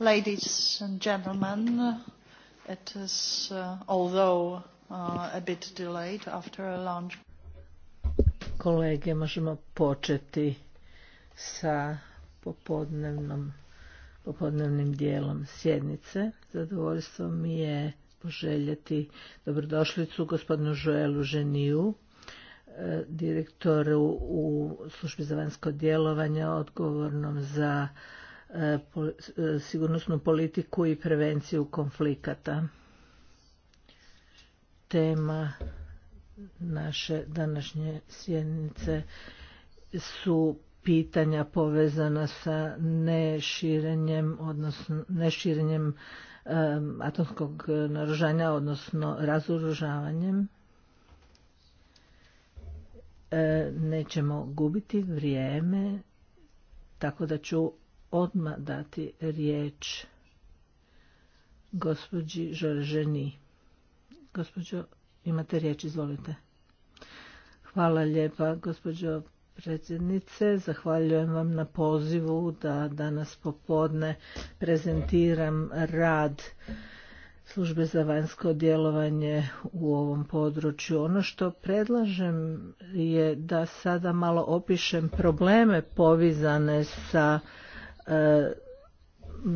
Ladies and gentlemen, it is, uh, although uh, a bit delayed after a lunch. Kolege, možemo početi sa popodnevnom, popodnevnim dijelom sjednice. Zadovoljstvo mi je poželjeti dobrodošlicu gospodinu Joelu Ženiju, e, direktoru u službi za vanjsko djelovanje, odgovornom za E, e, sigurnosnu politiku i prevenciju konflikata. Tema naše današnje sjednice su pitanja povezana sa neširenjem odnosno neširenjem e, atomskog naružanja odnosno razoružavanjem nećemo gubiti vrijeme tako da ću odmah dati riječ gospođi Žorženi. Gospođo, imate riječ, izvolite. Hvala lijepa, gospođo predsjednice. Zahvaljujem vam na pozivu da danas popodne prezentiram rad službe za vanjsko djelovanje u ovom području. Ono što predlažem je da sada malo opišem probleme povizane sa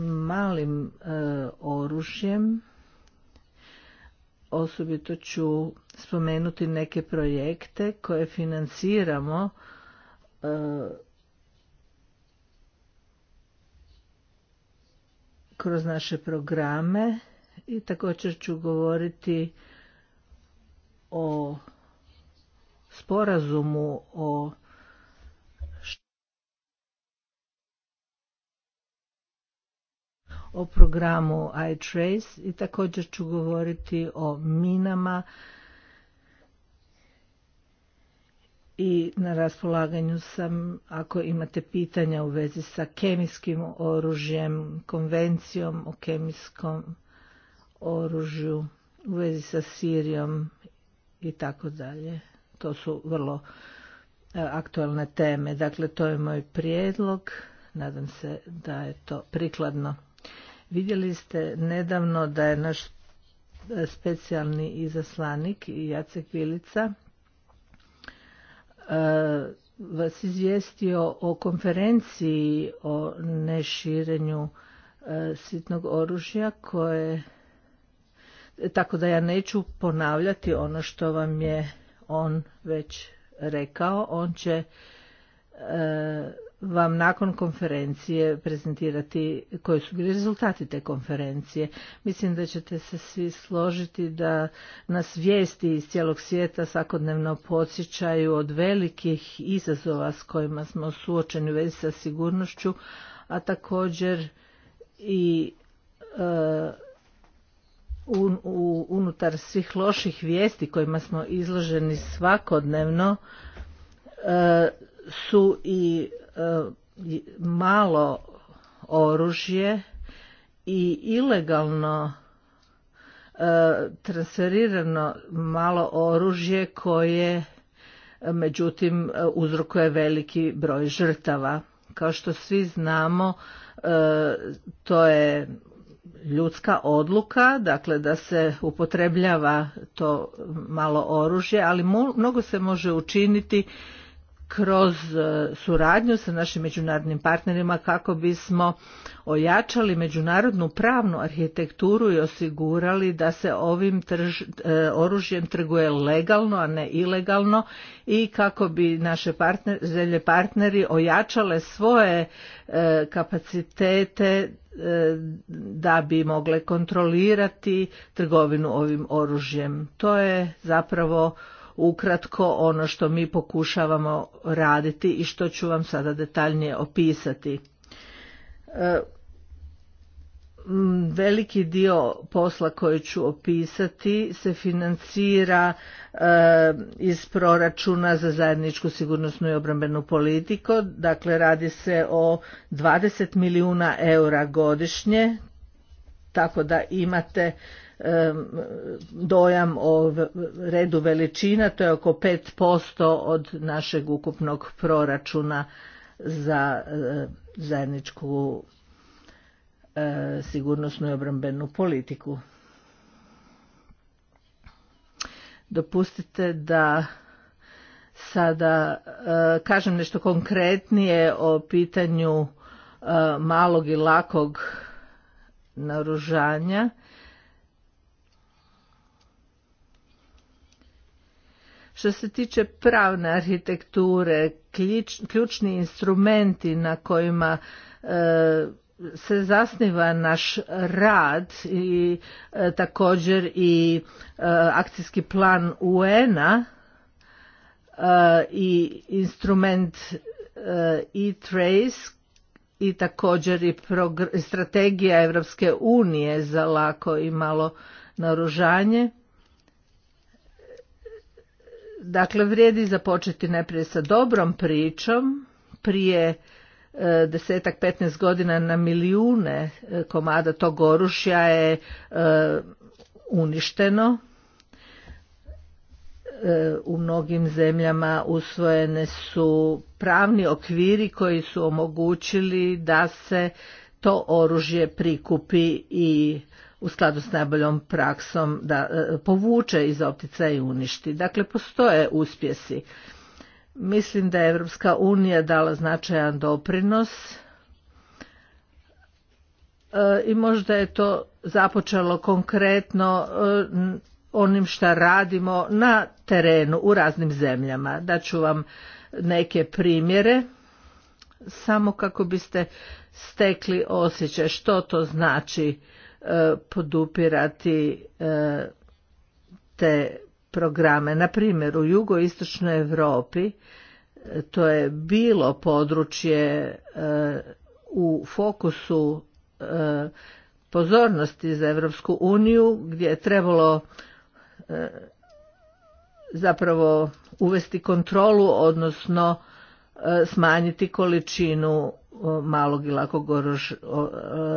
malim e, oružjem osobito ću spomenuti neke projekte koje financiramo e, kroz naše programe i također ću govoriti o sporazumu o o programu iTrace i također ću govoriti o minama i na raspolaganju sam ako imate pitanja u vezi sa kemijskim oružjem, konvencijom o kemijskom oružju, u vezi sa Sirijom i tako dalje. To su vrlo e, aktualne teme. Dakle, to je moj prijedlog. Nadam se da je to prikladno. Vidjeli ste nedavno da je naš e, specijalni izaslanik Jacek Vilica e, vas izvijestio o konferenciji o neširenju e, sitnog oružja koje tako da ja neću ponavljati ono što vam je on već rekao on će vam nakon konferencije prezentirati koji su bili rezultati te konferencije. Mislim da ćete se svi složiti da nas vijesti iz cijelog svijeta svakodnevno podsjećaju od velikih izazova s kojima smo suočeni u vezi sa sigurnošću, a također i e, un, u, unutar svih loših vijesti kojima smo izloženi svakodnevno e, su i E, malo oružje i ilegalno e, transferirano malo oružje koje e, međutim uzrokuje veliki broj žrtava. Kao što svi znamo, to je ljudska odluka, dakle da se upotrebljava to malo oružje, ali mnogo se može učiniti kroz e, suradnju sa našim međunarodnim partnerima kako bismo ojačali međunarodnu pravnu arhitekturu i osigurali da se ovim e, oružjem trguje legalno, a ne ilegalno i kako bi naše partner, partneri ojačale svoje e, kapacitete da bi mogle kontrolirati trgovinu ovim oružjem. To je zapravo ukratko ono što mi pokušavamo raditi i što ću vam sada detaljnije opisati. E, veliki dio posla koji ću opisati se financira e, iz proračuna za zajedničku sigurnosnu i obrambenu politiku. Dakle, radi se o 20 milijuna eura godišnje, tako da imate dojam o redu veličina, to je oko 5% od našeg ukupnog proračuna za eh, zajedničku eh, sigurnosnu i obrambenu politiku. Dopustite da sada eh, kažem nešto konkretnije o pitanju malog i lakog naružanja Što se tiče pravne arhitekture, ključni instrumenti na kojima e, se zasniva naš rad i e, također i e, akcijski plan UN-a i instrument e-trace i također i strategija Europske unije za lako i malo naružanje. Dakle, vrijedi započeti najprije sa dobrom pričom, prije e, desetak, petnaest godina na milijune e, komada tog oružja je e, uništeno. U mnogim zemljama usvojene su pravni okviri koji su omogućili da se to oružje prikupi i u skladu s najboljom praksom da e, povuče iz optica i uništi. Dakle, postoje uspjesi. Mislim da je Evropska unija dala značajan doprinos e, i možda je to započelo konkretno e, onim šta radimo na terenu u raznim zemljama. Daću vam neke primjere samo kako biste stekli osjećaj što to znači E, podupirati e, te programe. Na primjer, u jugoistočnoj Europi e, to je bilo područje u fokusu pozornosti za Europsku uniju gdje je trebalo zapravo uvesti kontrolu, odnosno smanjiti količinu malog i lakog e,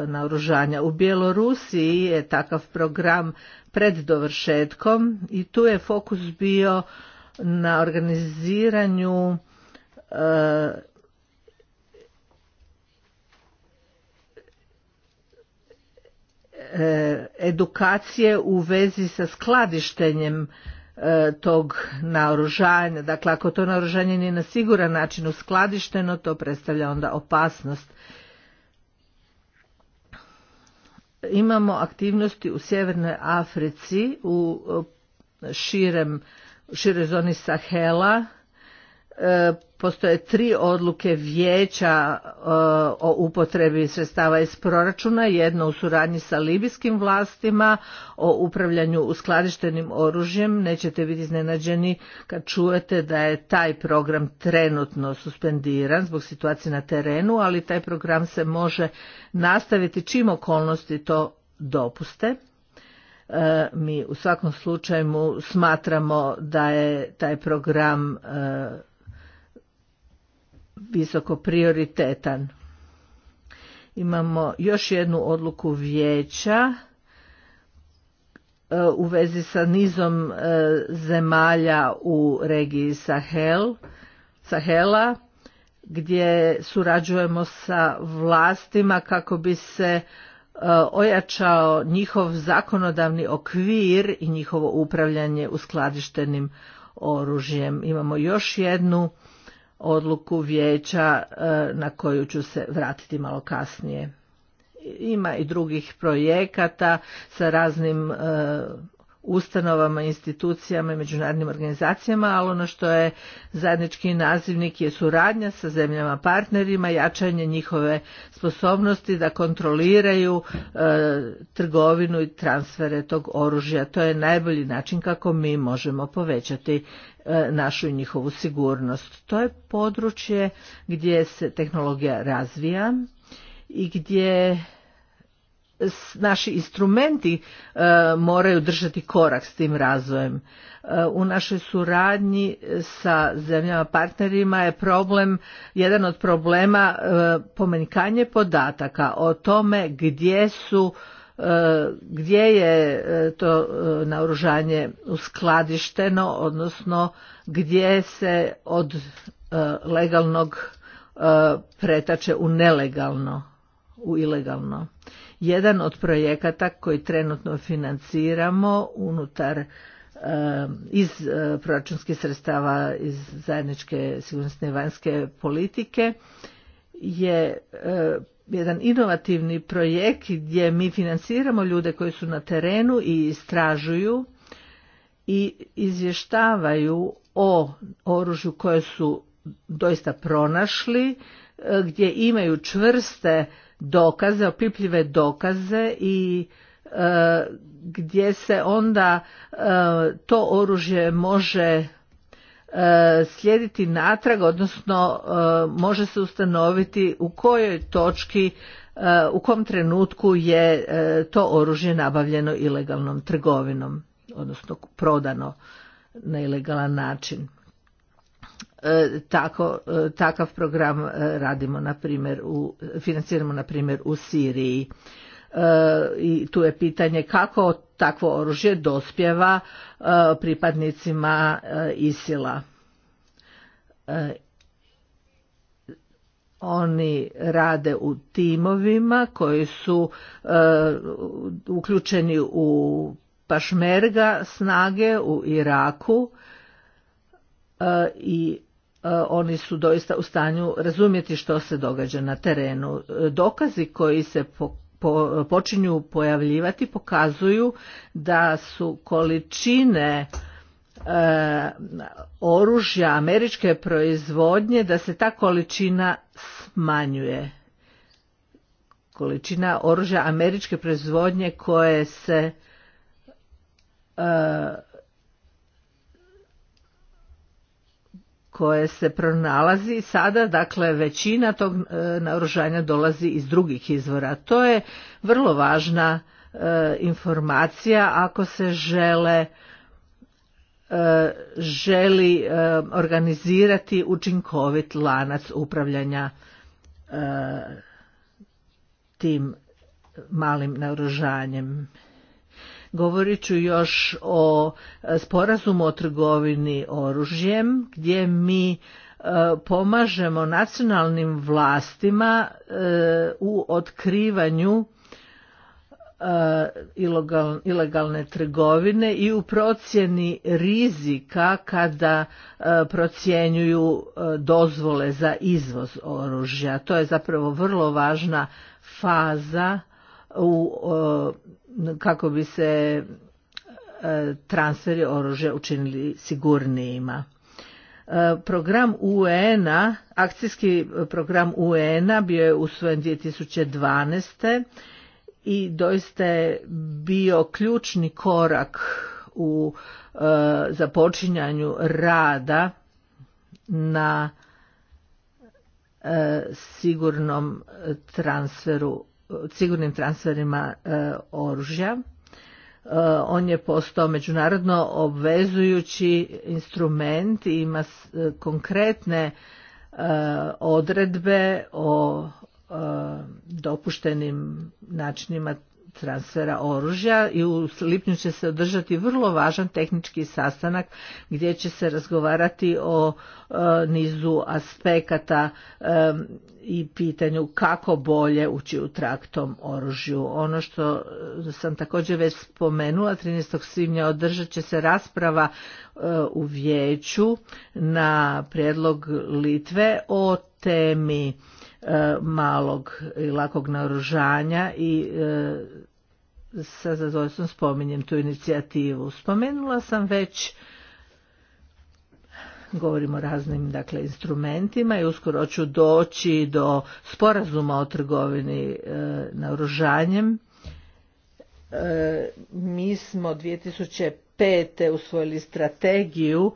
naoružanja. U Bjelorusiji je takav program pred dovršetkom i tu je fokus bio na organiziranju e, e, edukacije u vezi sa skladištenjem E, tog naoružanja. Dakle, ako to naoružanje nije na siguran način uskladišteno, to predstavlja onda opasnost. Imamo aktivnosti u Sjevernoj Africi, u širem, šire zoni Sahela, e, postoje tri odluke vijeća e, o upotrebi sredstava iz proračuna, jedno u suradnji sa libijskim vlastima o upravljanju uskladištenim oružjem. Nećete biti iznenađeni kad čujete da je taj program trenutno suspendiran zbog situacije na terenu, ali taj program se može nastaviti čim okolnosti to dopuste e, mi u svakom slučaju smatramo da je taj program e, visoko prioritetan. Imamo još jednu odluku vijeća e, u vezi sa nizom e, zemalja u regiji Sahel, Sahela gdje surađujemo sa vlastima kako bi se e, ojačao njihov zakonodavni okvir i njihovo upravljanje uskladištenim oružjem. Imamo još jednu odluku vijeća e, na koju ću se vratiti malo kasnije. Ima i drugih projekata sa raznim e, ustanovama, institucijama i međunarodnim organizacijama, ali ono što je zajednički nazivnik je suradnja sa zemljama partnerima, jačanje njihove sposobnosti da kontroliraju e, trgovinu i transfere tog oružja. To je najbolji način kako mi možemo povećati e, našu i njihovu sigurnost. To je područje gdje se tehnologija razvija i gdje naši instrumenti e, moraju držati korak s tim razvojem. E, u našoj suradnji sa zemljama partnerima je problem, jedan od problema e, podataka o tome gdje su e, gdje je to naoružanje uskladišteno, odnosno gdje se od legalnog pretače u nelegalno, u ilegalno jedan od projekata koji trenutno financiramo unutar e, iz e, proračunskih sredstava iz zajedničke sigurnosne i vanjske politike je e, jedan inovativni projekt gdje mi financiramo ljude koji su na terenu i istražuju i izvještavaju o oružju koje su doista pronašli, gdje imaju čvrste dokaze, opipljive dokaze i e, gdje se onda e, to oružje može e, slijediti natrag, odnosno može se ustanoviti u kojoj točki, u kom trenutku je to oružje nabavljeno ilegalnom trgovinom, odnosno prodano na ilegalan način. E, tako, e, takav program e, radimo na primjer u financiramo na primjer u Siriji i tu je pitanje kako takvo oružje dospjeva pripadnicima ISIL-a. oni rade u timovima koji su uključeni u pašmerga snage u Iraku i E, oni su doista u stanju razumjeti što se događa na terenu. E, dokazi koji se počinju pojavljivati pokazuju da su količine e, oružja američke proizvodnje da se ta količina smanjuje. Količina oružja američke proizvodnje koje se koje se pronalazi sada, dakle većina tog e, naoružanja dolazi iz drugih izvora. To je vrlo važna e, informacija ako se žele e, želi organizirati učinkovit lanac upravljanja tim malim naoružanjem. Govorit ću još o e, sporazumu o trgovini oružjem gdje mi e, pomažemo nacionalnim vlastima e, u otkrivanju ilegalne trgovine i u procjeni rizika kada procjenjuju dozvole za izvoz oružja. To je zapravo vrlo važna faza u kako bi se e, transferi oružja učinili sigurnijima. E, program UN-a, akcijski program UN-a bio je usvojen 2012. i doista je bio ključni korak u e, započinjanju rada na sigurnom transferu sigurnim transferima e, oružja. E, on je postao međunarodno obvezujući instrument i ima e, konkretne odredbe o dopuštenim načinima transfera oružja i u lipnju će se održati vrlo važan tehnički sastanak gdje će se razgovarati o e, nizu aspekata e, i pitanju kako bolje ući u traktom oružju. Ono što sam također već spomenula, 13. svibnja održat će se rasprava e, u vijeću na prijedlog Litve o temi E, malog i lakog naoružanja i e, sa zadovoljstvom spominjem tu inicijativu. Spomenula sam već govorimo o raznim dakle, instrumentima i uskoro ću doći do sporazuma o trgovini e, naoružanjem. E, mi smo 2005. usvojili strategiju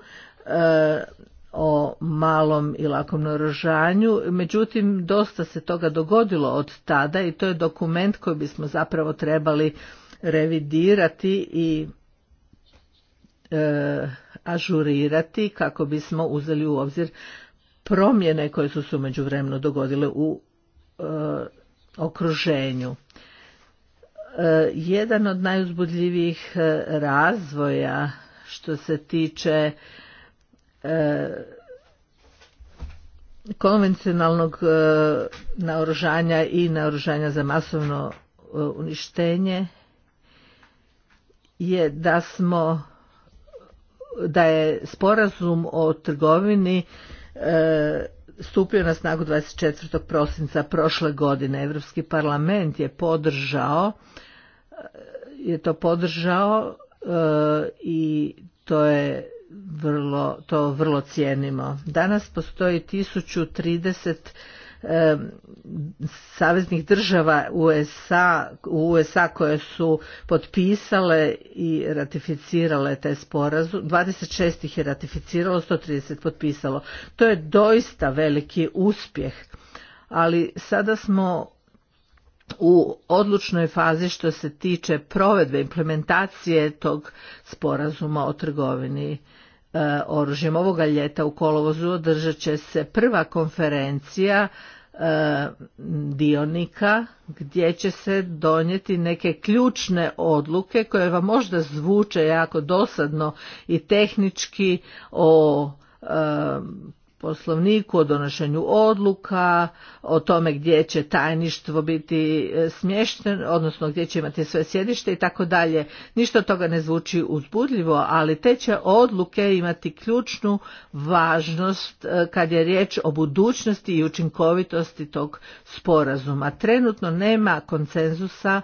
o malom i lakom naoružanju, međutim dosta se toga dogodilo od tada i to je dokument koji bismo zapravo trebali revidirati i e, ažurirati kako bismo uzeli u obzir promjene koje su se u međuvremenu dogodile u e, okruženju. E, jedan od najuzbudljivijih razvoja što se tiče E, konvencionalnog e, naoružanja i naoružanja za masovno e, uništenje je da smo da je sporazum o trgovini stupio na snagu 24. prosinca prošle godine. Europski parlament je podržao je to podržao i to je vrlo, to vrlo cijenimo. Danas postoji 1030 saveznih država USA, u USA koje su potpisale i ratificirale taj sporazum, 26 ih je ratificiralo, 130 potpisalo. To je doista veliki uspjeh, ali sada smo u odlučnoj fazi što se tiče provedbe implementacije tog sporazuma o trgovini E, oružjem. Ovoga ljeta u kolovozu održat će se prva konferencija e, dionika gdje će se donijeti neke ključne odluke koje vam možda zvuče jako dosadno i tehnički o e, poslovniku, o donošenju odluka, o tome gdje će tajništvo biti e, smješteno, odnosno gdje će imati sve sjedište i tako dalje. Ništa toga ne zvuči uzbudljivo, ali te će odluke imati ključnu važnost e, kad je riječ o budućnosti i učinkovitosti tog sporazuma. Trenutno nema konsenzusa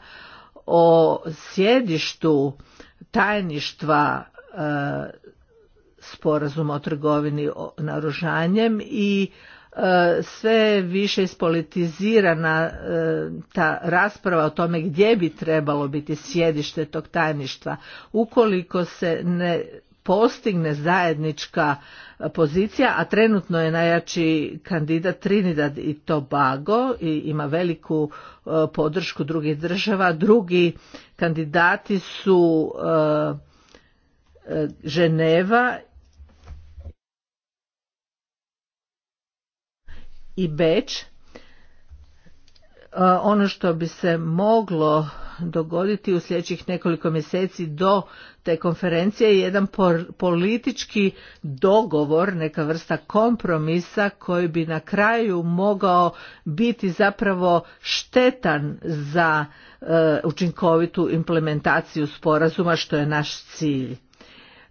o sjedištu tajništva e, sporazum o trgovini naružanjem i e, sve više ispolitizirana e, ta rasprava o tome gdje bi trebalo biti sjedište tog tajništva. Ukoliko se ne postigne zajednička pozicija, a trenutno je najjači kandidat Trinidad i Tobago i ima veliku e, podršku drugih država. Drugi kandidati su Ženeva i Beč. E, ono što bi se moglo dogoditi u sljedećih nekoliko mjeseci do te konferencije je jedan politički dogovor, neka vrsta kompromisa koji bi na kraju mogao biti zapravo štetan za e, učinkovitu implementaciju sporazuma što je naš cilj.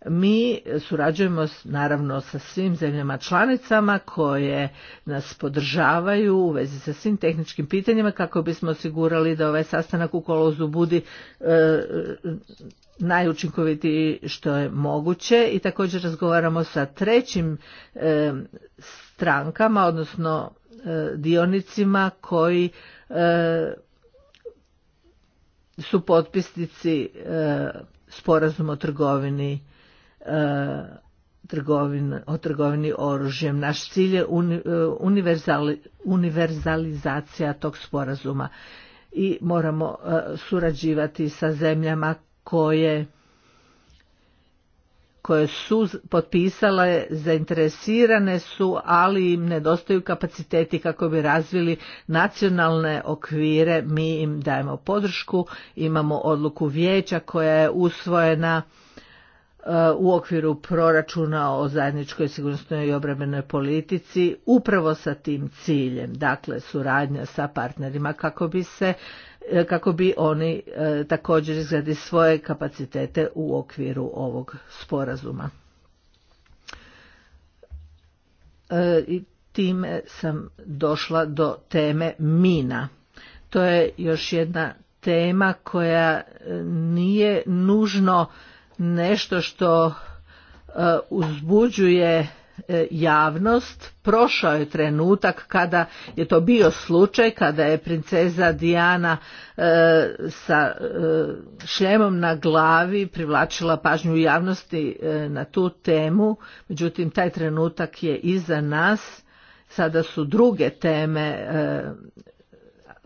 Mi surađujemo naravno sa svim zemljama članicama koje nas podržavaju u vezi sa svim tehničkim pitanjima kako bismo osigurali da ovaj sastanak u kolozu budi e, najučinkovitiji što je moguće i također razgovaramo sa trećim e, strankama odnosno e, dionicima koji e, su potpisnici sporazum o trgovini E, o trgovini oružjem. Naš cilj je e, univerzalizacija tog sporazuma i moramo e, surađivati sa zemljama koje koje su potpisale zainteresirane su, ali im nedostaju kapaciteti kako bi razvili nacionalne okvire. Mi im dajemo podršku, imamo odluku vijeća koja je usvojena E, u okviru proračuna o zajedničkoj sigurnosnoj i obrambenoj politici upravo sa tim ciljem, dakle suradnja sa partnerima kako bi se e, kako bi oni e, također izgradili svoje kapacitete u okviru ovog sporazuma. I time sam došla do teme mina. To je još jedna tema koja nije nužno nešto što e, uzbuđuje e, javnost. Prošao je trenutak kada je to bio slučaj, kada je princeza Diana e, sa šljemom na glavi privlačila pažnju javnosti na tu temu. Međutim, taj trenutak je iza nas. Sada su druge teme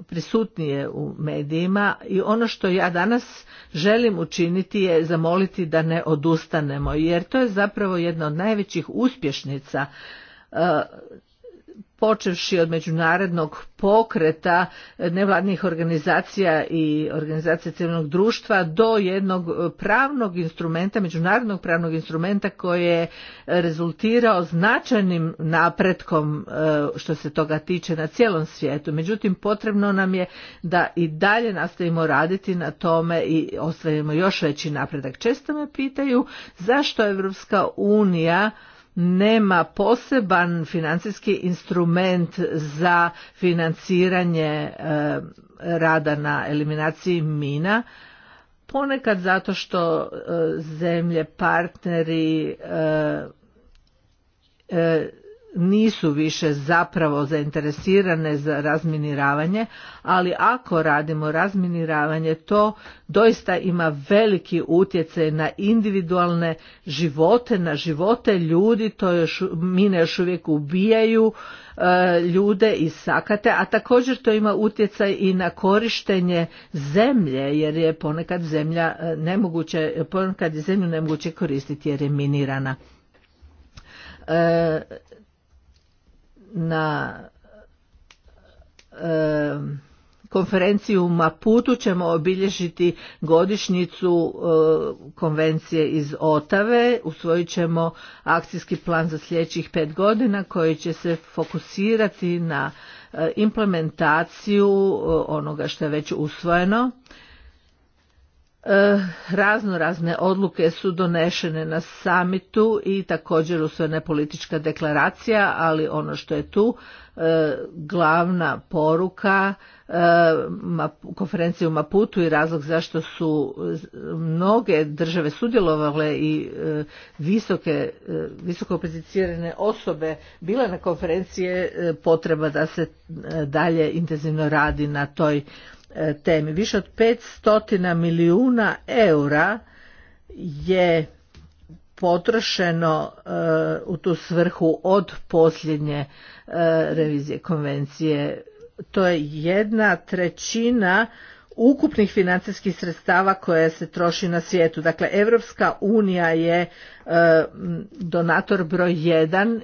prisutnije u medijima i ono što ja danas želim učiniti je zamoliti da ne odustanemo jer to je zapravo jedna od najvećih uspješnica e, počevši od međunarodnog pokreta e, nevladnih organizacija i organizacija civilnog društva do jednog e, pravnog instrumenta, međunarodnog pravnog instrumenta koji je e, rezultirao značajnim napretkom što se toga tiče na cijelom svijetu. Međutim, potrebno nam je da i dalje nastavimo raditi na tome i ostavimo još veći napredak. Često me pitaju zašto Evropska unija nema poseban financijski instrument za financiranje e, rada na eliminaciji mina ponekad zato što e, zemlje partneri e, nisu više zapravo zainteresirane za razminiravanje, ali ako radimo razminiravanje to doista ima veliki utjecaj na individualne živote, na živote ljudi, to još, mine još uvijek ubijaju e, ljude i sakate, a također to ima utjecaj i na korištenje zemlje, jer je ponekad zemlja e, nemoguće, ponekad je zemlju nemoguće koristiti jer je minirana. E, na konferenciju u Maputu ćemo obilježiti godišnjicu e, konvencije iz Otave. Usvojit ćemo akcijski plan za sljedećih pet godina koji će se fokusirati na e, implementaciju e, onoga što je već usvojeno. E, razno razne odluke su donešene na samitu i također usvojena politička deklaracija, ali ono što je tu e, glavna poruka e, konferencije u Maputu i razlog zašto su mnoge države sudjelovale i visoke, visoko pozicirane osobe bile na konferencije potreba da se dalje intenzivno radi na toj E, temi. Više od 500 milijuna eura je potrošeno e, u tu svrhu od posljednje e, revizije konvencije. To je jedna trećina ukupnih financijskih sredstava koje se troši na svijetu. Dakle, Europska unija je donator broj jedan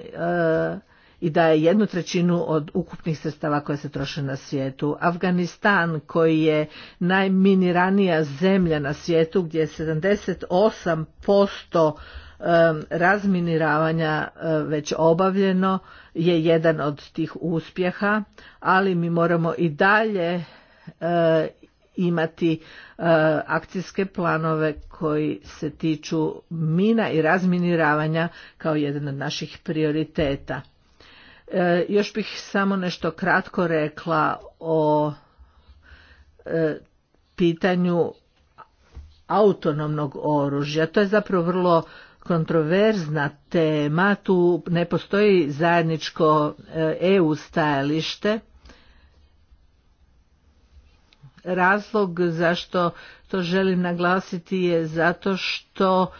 i da je jednu trećinu od ukupnih sredstava koje se troše na svijetu. Afganistan koji je najminiranija zemlja na svijetu gdje je 78% razminiravanja e, već obavljeno je jedan od tih uspjeha, ali mi moramo i dalje e, imati e, akcijske planove koji se tiču mina i razminiravanja kao jedan od naših prioriteta. E, još bih samo nešto kratko rekla o e, pitanju autonomnog oružja. To je zapravo vrlo kontroverzna tema, tu ne postoji zajedničko EU e stajalište. Razlog zašto to želim naglasiti je zato što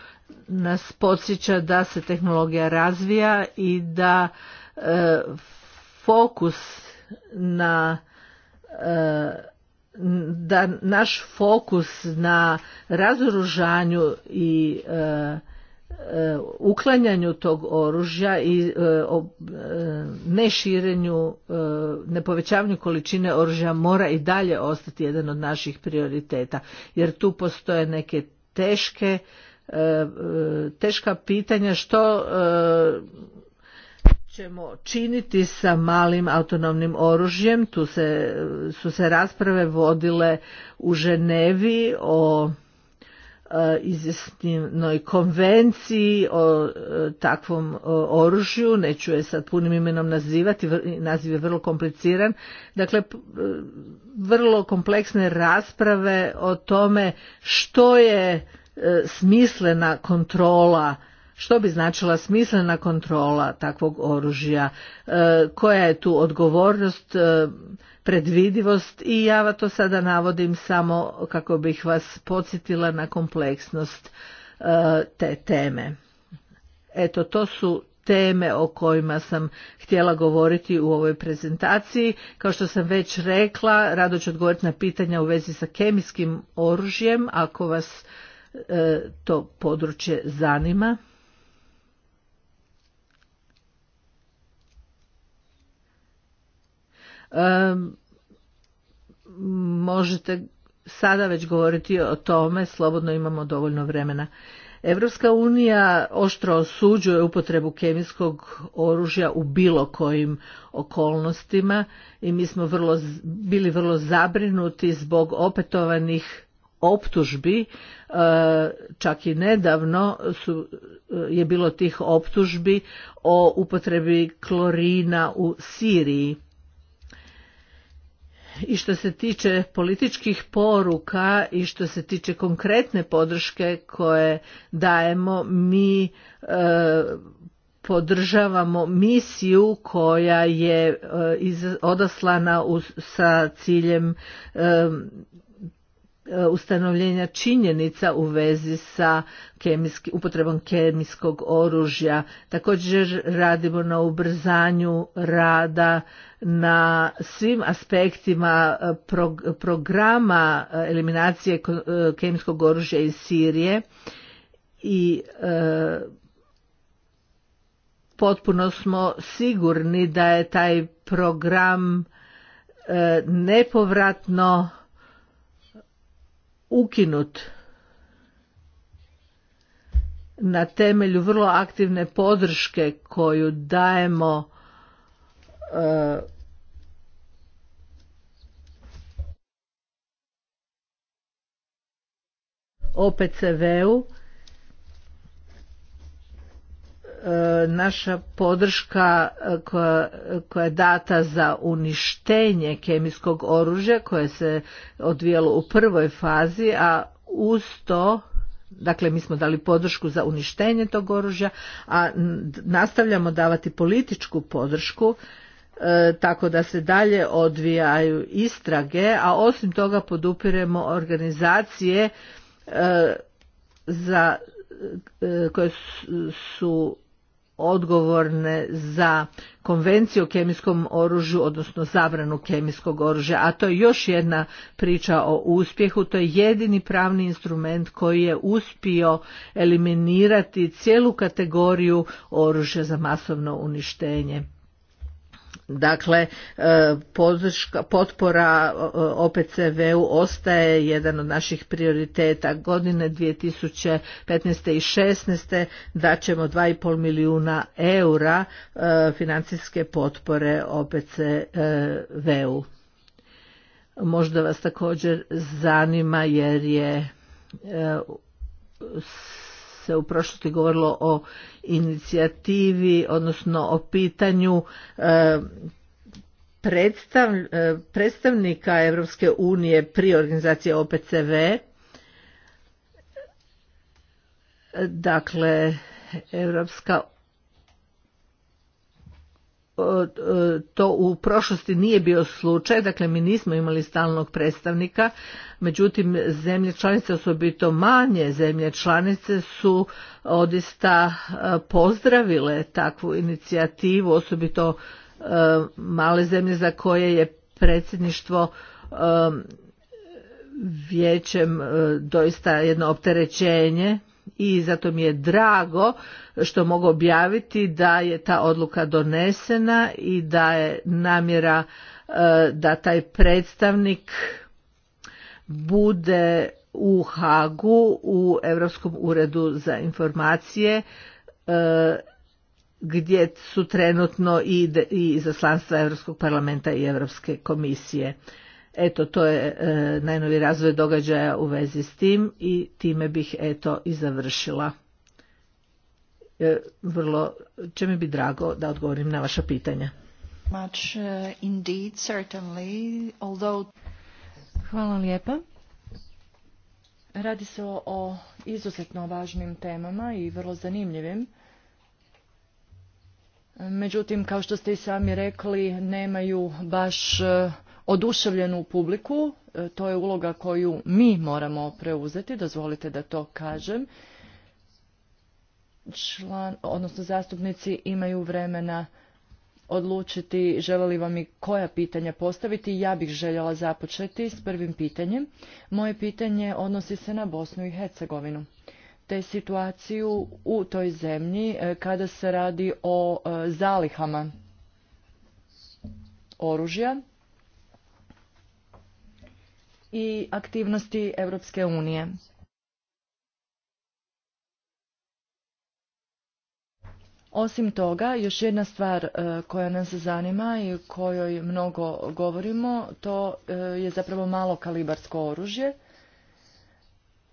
nas podsjeća da se tehnologija razvija i da fokus na e, da naš fokus na razoružanju i e, e, uklanjanju tog oružja i ne širenju, ne povećavanju količine oružja mora i dalje ostati jedan od naših prioriteta. Jer tu postoje neke teške teška pitanja što ćemo činiti sa malim autonomnim oružjem. Tu se, su se rasprave vodile u Ženevi o e, izvjesnoj konvenciji o e, takvom e, oružju, neću je sad punim imenom nazivati, naziv je vrlo kompliciran. Dakle, vrlo kompleksne rasprave o tome što je smislena kontrola što bi značila smislena kontrola takvog oružja, e, koja je tu odgovornost, e, predvidivost i ja to sada navodim samo kako bih vas podsjetila na kompleksnost e, te teme. Eto, to su teme o kojima sam htjela govoriti u ovoj prezentaciji. Kao što sam već rekla, rado ću odgovoriti na pitanja u vezi sa kemijskim oružjem, ako vas to područje zanima. možete sada već govoriti o tome, slobodno imamo dovoljno vremena. Evropska unija oštro osuđuje upotrebu kemijskog oružja u bilo kojim okolnostima i mi smo vrlo, bili vrlo zabrinuti zbog opetovanih optužbi, čak i nedavno su, je bilo tih optužbi o upotrebi klorina u Siriji i što se tiče političkih poruka i što se tiče konkretne podrške koje dajemo mi e, podržavamo misiju koja je e, odaslana sa ciljem e, E, ustanovljenja činjenica u vezi sa kemijski, upotrebom kemijskog oružja. Također radimo na ubrzanju rada na svim aspektima e, programa e, eliminacije kemijskog oružja iz Sirije i potpuno smo sigurni da je taj program nepovratno ukinut na temelju vrlo aktivne podrške koju dajemo uh, e, OPCV-u naša podrška e, koja, je data za uništenje kemijskog oružja koje se odvijalo u prvoj fazi, a uz to Dakle, mi smo dali podršku za uništenje tog oružja, a nastavljamo davati političku podršku e, tako da se dalje odvijaju istrage, a osim toga podupiremo organizacije e, za koje su odgovorne za konvenciju o kemijskom oružju, odnosno zabranu kemijskog oružja. A to je još jedna priča o uspjehu. To je jedini pravni instrument koji je uspio eliminirati cijelu kategoriju oružja za masovno uništenje. Dakle, e, podrška, potpora OPCV-u ostaje jedan od naših prioriteta. Godine 2015. i 2016. daćemo 2,5 milijuna eura e, financijske potpore OPCV-u. Možda vas također zanima jer je e, se u prošlosti govorilo o inicijativi, odnosno o pitanju e, e, predstavnika Europske unije pri organizaciji OPCV. Dakle, Europska E, to u prošlosti nije bio slučaj, dakle mi nismo imali stalnog predstavnika, međutim zemlje članice, osobito manje zemlje članice su odista e, pozdravile takvu inicijativu, osobito e, male zemlje za koje je predsjedništvo vijećem doista jedno opterećenje i zato mi je drago što mogu objaviti da je ta odluka donesena i da je namjera e, da taj predstavnik bude u Hagu u Europskom uredu za informacije e, gdje su trenutno i izaslanstva Europskog parlamenta i Europske komisije. Eto, to je e, najnovi razvoj događaja u vezi s tim i time bih eto i završila. E, vrlo će mi bi drago da odgovorim na vaša pitanja. Much, uh, indeed, certainly, although... Hvala lijepa. Radi se o, o izuzetno važnim temama i vrlo zanimljivim. Međutim, kao što ste i sami rekli, nemaju baš oduševljenu publiku, e, to je uloga koju mi moramo preuzeti, dozvolite da to kažem. Član, odnosno zastupnici imaju vremena odlučiti žele li vam i koja pitanja postaviti. Ja bih željela započeti s prvim pitanjem. Moje pitanje odnosi se na Bosnu i Hercegovinu te situaciju u toj zemlji e, kada se radi o e, zalihama oružja i aktivnosti Europske unije. Osim toga, još jedna stvar e, koja nas zanima i o kojoj mnogo govorimo, to e, je zapravo malo kalibarsko oružje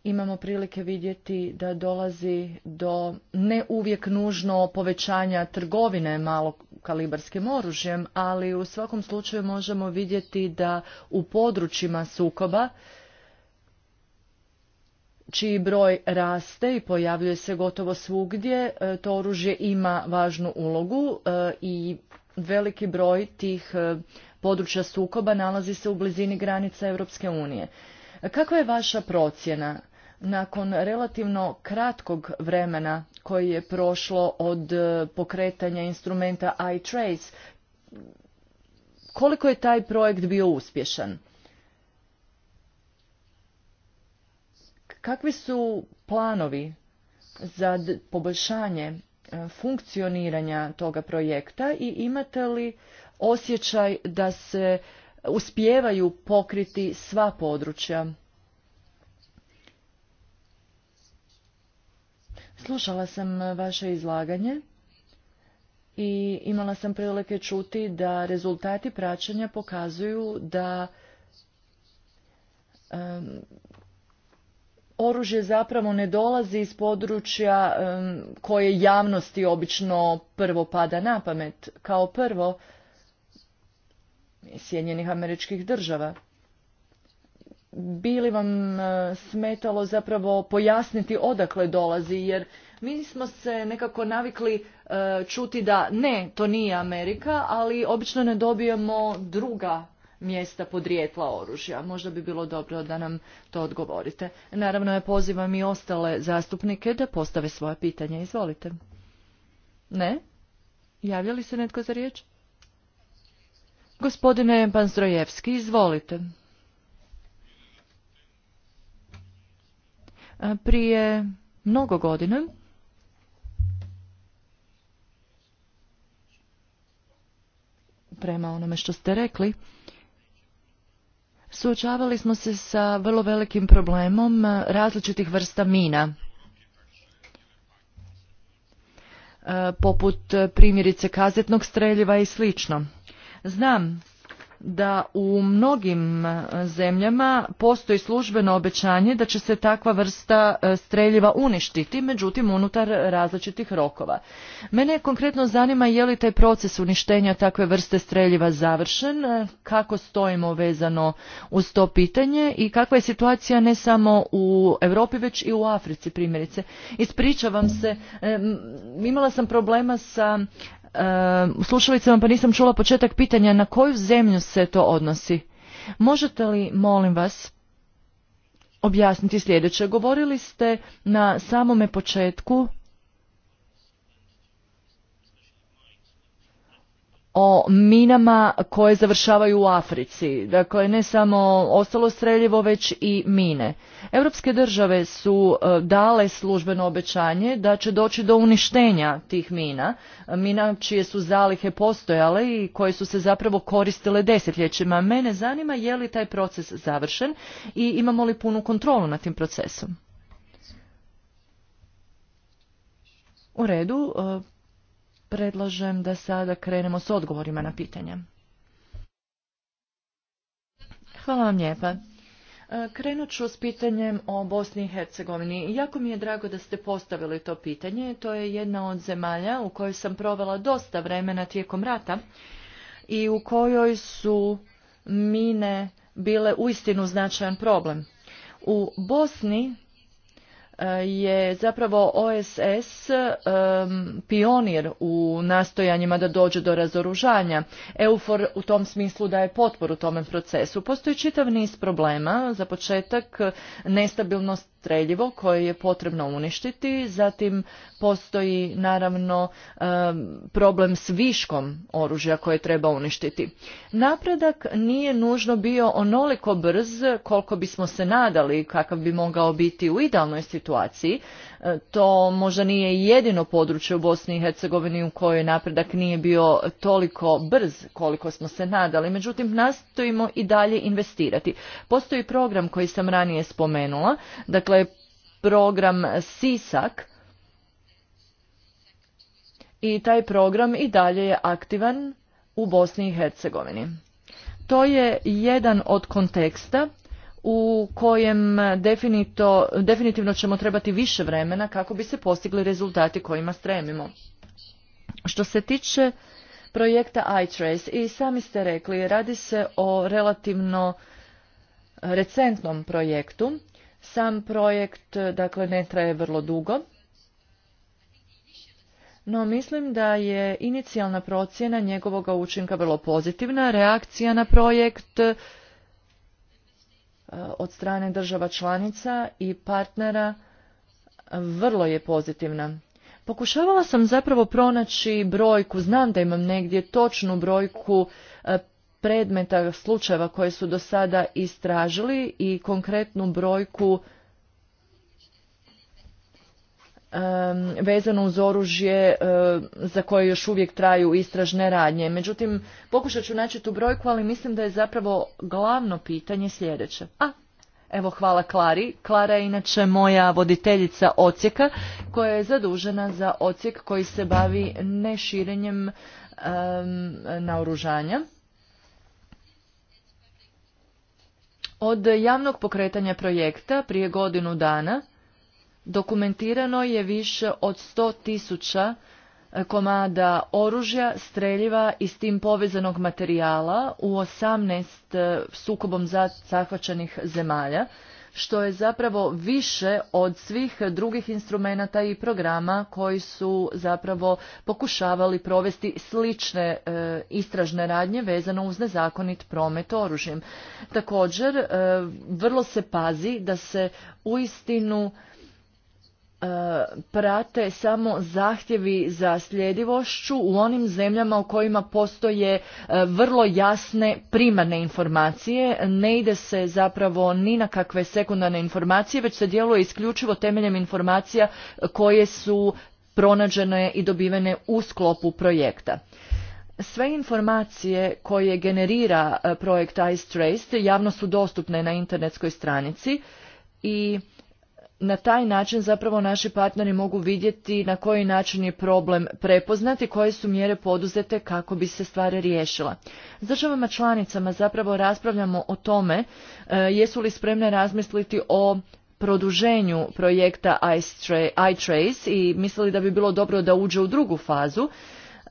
imamo prilike vidjeti da dolazi do ne uvijek nužno povećanja trgovine malokalibarskim oružjem, ali u svakom slučaju možemo vidjeti da u područjima sukoba čiji broj raste i pojavljuje se gotovo svugdje, e, to oružje ima važnu ulogu e, i veliki broj tih e, područja sukoba nalazi se u blizini granica Europske unije. Kakva je vaša procjena? nakon relativno kratkog vremena koji je prošlo od e, pokretanja instrumenta iTrace, koliko je taj projekt bio uspješan? Kakvi su planovi za poboljšanje e, funkcioniranja toga projekta i imate li osjećaj da se uspijevaju pokriti sva područja Slušala sam e, vaše izlaganje i imala sam prilike čuti da rezultati praćenja pokazuju da oružje zapravo ne dolazi iz područja koje javnosti obično prvo pada na pamet, kao prvo Sjedinjenih američkih država bili vam e, smetalo zapravo pojasniti odakle dolazi jer mi smo se nekako navikli e, čuti da ne, to nije Amerika, ali obično ne dobijemo druga mjesta podrijetla oružja. Možda bi bilo dobro da nam to odgovorite. Naravno ja pozivam i ostale zastupnike da postave svoja pitanja. Izvolite. Ne? Javlja li se netko za riječ? Gospodine Panstrojevski, izvolite. Prije mnogo godina prema onome što ste rekli, suočavali smo se sa vrlo velikim problemom različitih vrsta mina. poput primjerice kazetnog streljiva i slično. Znam da u mnogim e, zemljama postoji službeno obećanje da će se takva vrsta e, streljiva uništiti, međutim unutar različitih rokova. Mene konkretno zanima je li taj proces uništenja takve vrste streljiva završen, e, kako stojimo vezano uz to pitanje i kakva je situacija ne samo u Europi već i u Africi primjerice. Ispričavam se, imala sam problema sa E, slušalicama pa nisam čula početak pitanja na koju zemlju se to odnosi. Možete li, molim vas, objasniti sljedeće. Govorili ste na samome početku o minama koje završavaju u Africi. Dakle, ne samo ostalo streljivo, već i mine. Europske države su e, dale službeno obećanje da će doći do uništenja tih mina, mina čije su zalihe postojale i koje su se zapravo koristile desetljećima. Mene zanima je li taj proces završen i imamo li punu kontrolu nad tim procesom. U redu, e, predlažem da sada krenemo s odgovorima na pitanja. Hvala vam lijepa. E, krenut ću s pitanjem o Bosni i Hercegovini. Jako mi je drago da ste postavili to pitanje. To je jedna od zemalja u kojoj sam provela dosta vremena tijekom rata i u kojoj su mine bile uistinu značajan problem. U Bosni E, je zapravo OSS pionir u nastojanjima da dođe do razoružanja. EUFOR u tom smislu daje potporu tome procesu. Postoji čitav niz problema, za početak nestabilnost streljivo koje je potrebno uništiti, zatim postoji naravno problem s viškom oružja koje treba uništiti. Napredak nije nužno bio onoliko brz koliko bismo se nadali kakav bi mogao biti u idealnoj situaciji. E, to možda nije jedino područje u Bosni i Hercegovini u kojoj napredak nije bio toliko brz koliko smo se nadali, međutim nastojimo i dalje investirati. Postoji program koji sam ranije spomenula, dakle dakle program SISAK i taj program i dalje je aktivan u Bosni i Hercegovini. To je jedan od konteksta u kojem definitivno ćemo trebati više vremena kako bi se postigli rezultati kojima stremimo. Što se tiče projekta iTrace i sami ste rekli, radi se o relativno recentnom projektu sam projekt dakle ne traje vrlo dugo. No mislim da je inicijalna procjena njegovog učinka vrlo pozitivna, reakcija na projekt e, od strane država članica i partnera vrlo je pozitivna. Pokušavala sam zapravo pronaći brojku, znam da imam negdje točnu brojku e, predmeta slučajeva koje su do sada istražili i konkretnu brojku vezanu vezano uz oružje eh, za koje još uvijek traju istražne radnje. Međutim, pokušat ću naći tu brojku, ali mislim da je zapravo glavno pitanje sljedeće. A, Evo hvala Klari. Klara je inače moja voditeljica odsjeka koja je zadužena za ocijek koji se bavi neširenjem um, naoružanja. Od javnog pokretanja projekta prije godinu dana dokumentirano je više od 100 tisuća e, komada oružja, streljiva i s tim povezanog materijala u 18 e, sukobom zahvaćenih zemalja što je zapravo više od svih drugih instrumenata i programa koji su zapravo pokušavali provesti slične e, istražne radnje vezano uz nezakonit promet oružjem. Također, e, vrlo se pazi da se uistinu E, prate samo zahtjevi za sljedivošću u onim zemljama u kojima postoje e, vrlo jasne primarne informacije. Ne ide se zapravo ni na kakve sekundarne informacije, već se djeluje isključivo temeljem informacija koje su pronađene i dobivene u sklopu projekta. Sve informacije koje generira e, projekt Ice Trace javno su dostupne na internetskoj stranici i na taj način zapravo naši partneri mogu vidjeti na koji način je problem prepoznat i koje su mjere poduzete kako bi se stvari riješila. S državama članicama zapravo raspravljamo o tome e, jesu li spremne razmisliti o produženju projekta iTrace i mislili da bi bilo dobro da uđe u drugu fazu.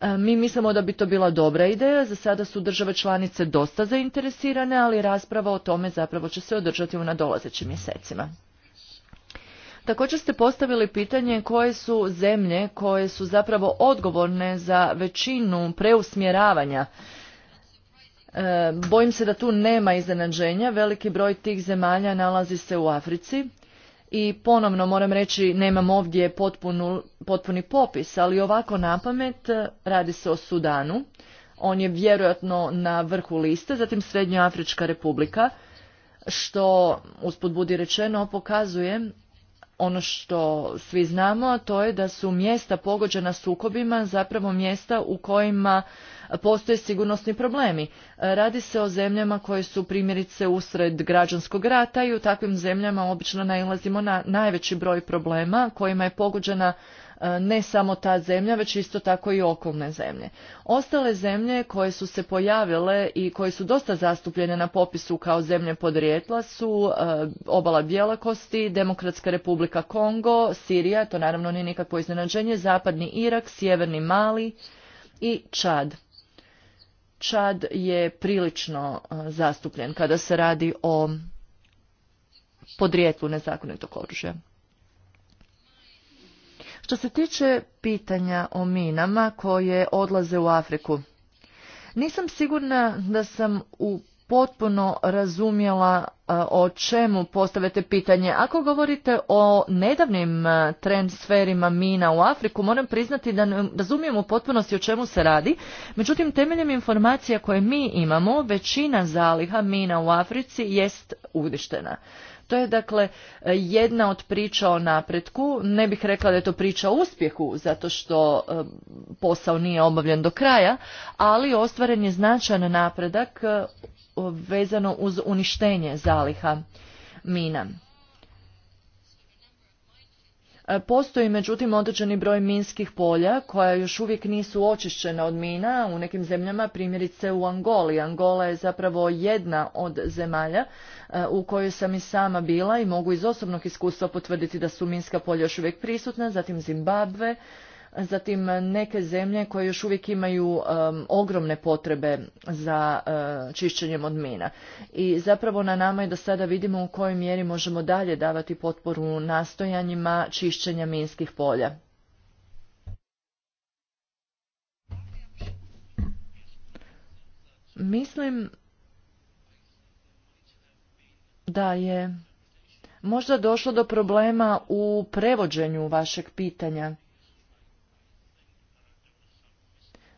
E, mi mislimo da bi to bila dobra ideja, za sada su države članice dosta zainteresirane, ali rasprava o tome zapravo će se održati u nadolazećim mjesecima. Također ste postavili pitanje koje su zemlje koje su zapravo odgovorne za većinu preusmjeravanja. E, bojim se da tu nema iznenađenja, veliki broj tih zemalja nalazi se u Africi i ponovno moram reći nemam ovdje potpunu, potpuni popis, ali ovako napamet e, radi se o Sudanu, on je vjerojatno na vrhu liste, zatim Srednjoafrička republika, što usput budi rečeno pokazuje ono što svi znamo, to je da su mjesta pogođena sukobima zapravo mjesta u kojima postoje sigurnosni problemi. E, radi se o zemljama koje su primjerice usred građanskog rata i u takvim zemljama obično nailazimo na najveći broj problema kojima je pogođena E, ne samo ta zemlja, već isto tako i okolne zemlje. Ostale zemlje koje su se pojavile i koje su dosta zastupljene na popisu kao zemlje podrijetla su e, obala Bjelakosti, Demokratska republika Kongo, Sirija, to naravno nije nikakvo iznenađenje, Zapadni Irak, Sjeverni Mali i Čad. Čad je prilično e, zastupljen kada se radi o podrijetlu nezakonitog oružja. Što se tiče pitanja o minama koje odlaze u Afriku, nisam sigurna da sam u potpuno razumjela e, o čemu postavite pitanje. Ako govorite o nedavnim e, transferima mina u Afriku, moram priznati da ne razumijem u potpunosti o čemu se radi. Međutim, temeljem informacija koje mi imamo, većina zaliha mina u Africi jest uništena. To je dakle jedna od priča o napretku. Ne bih rekla da je to priča o uspjehu, zato što e, posao nije obavljen do kraja, ali ostvaren je značajan napredak e, vezano uz uništenje zaliha mina. E, postoji međutim određeni broj minskih polja koja još uvijek nisu očišćena od mina u nekim zemljama, primjerice u Angoli. Angola je zapravo jedna od zemalja e, u kojoj sam i sama bila i mogu iz osobnog iskustva potvrditi da su minska polja još uvijek prisutna, zatim Zimbabve, zatim neke zemlje koje još uvijek imaju um, ogromne potrebe za uh, čišćenjem od mina. I zapravo na nama je da sada vidimo u kojoj mjeri možemo dalje davati potporu nastojanjima čišćenja minskih polja. Mislim da je možda došlo do problema u prevođenju vašeg pitanja.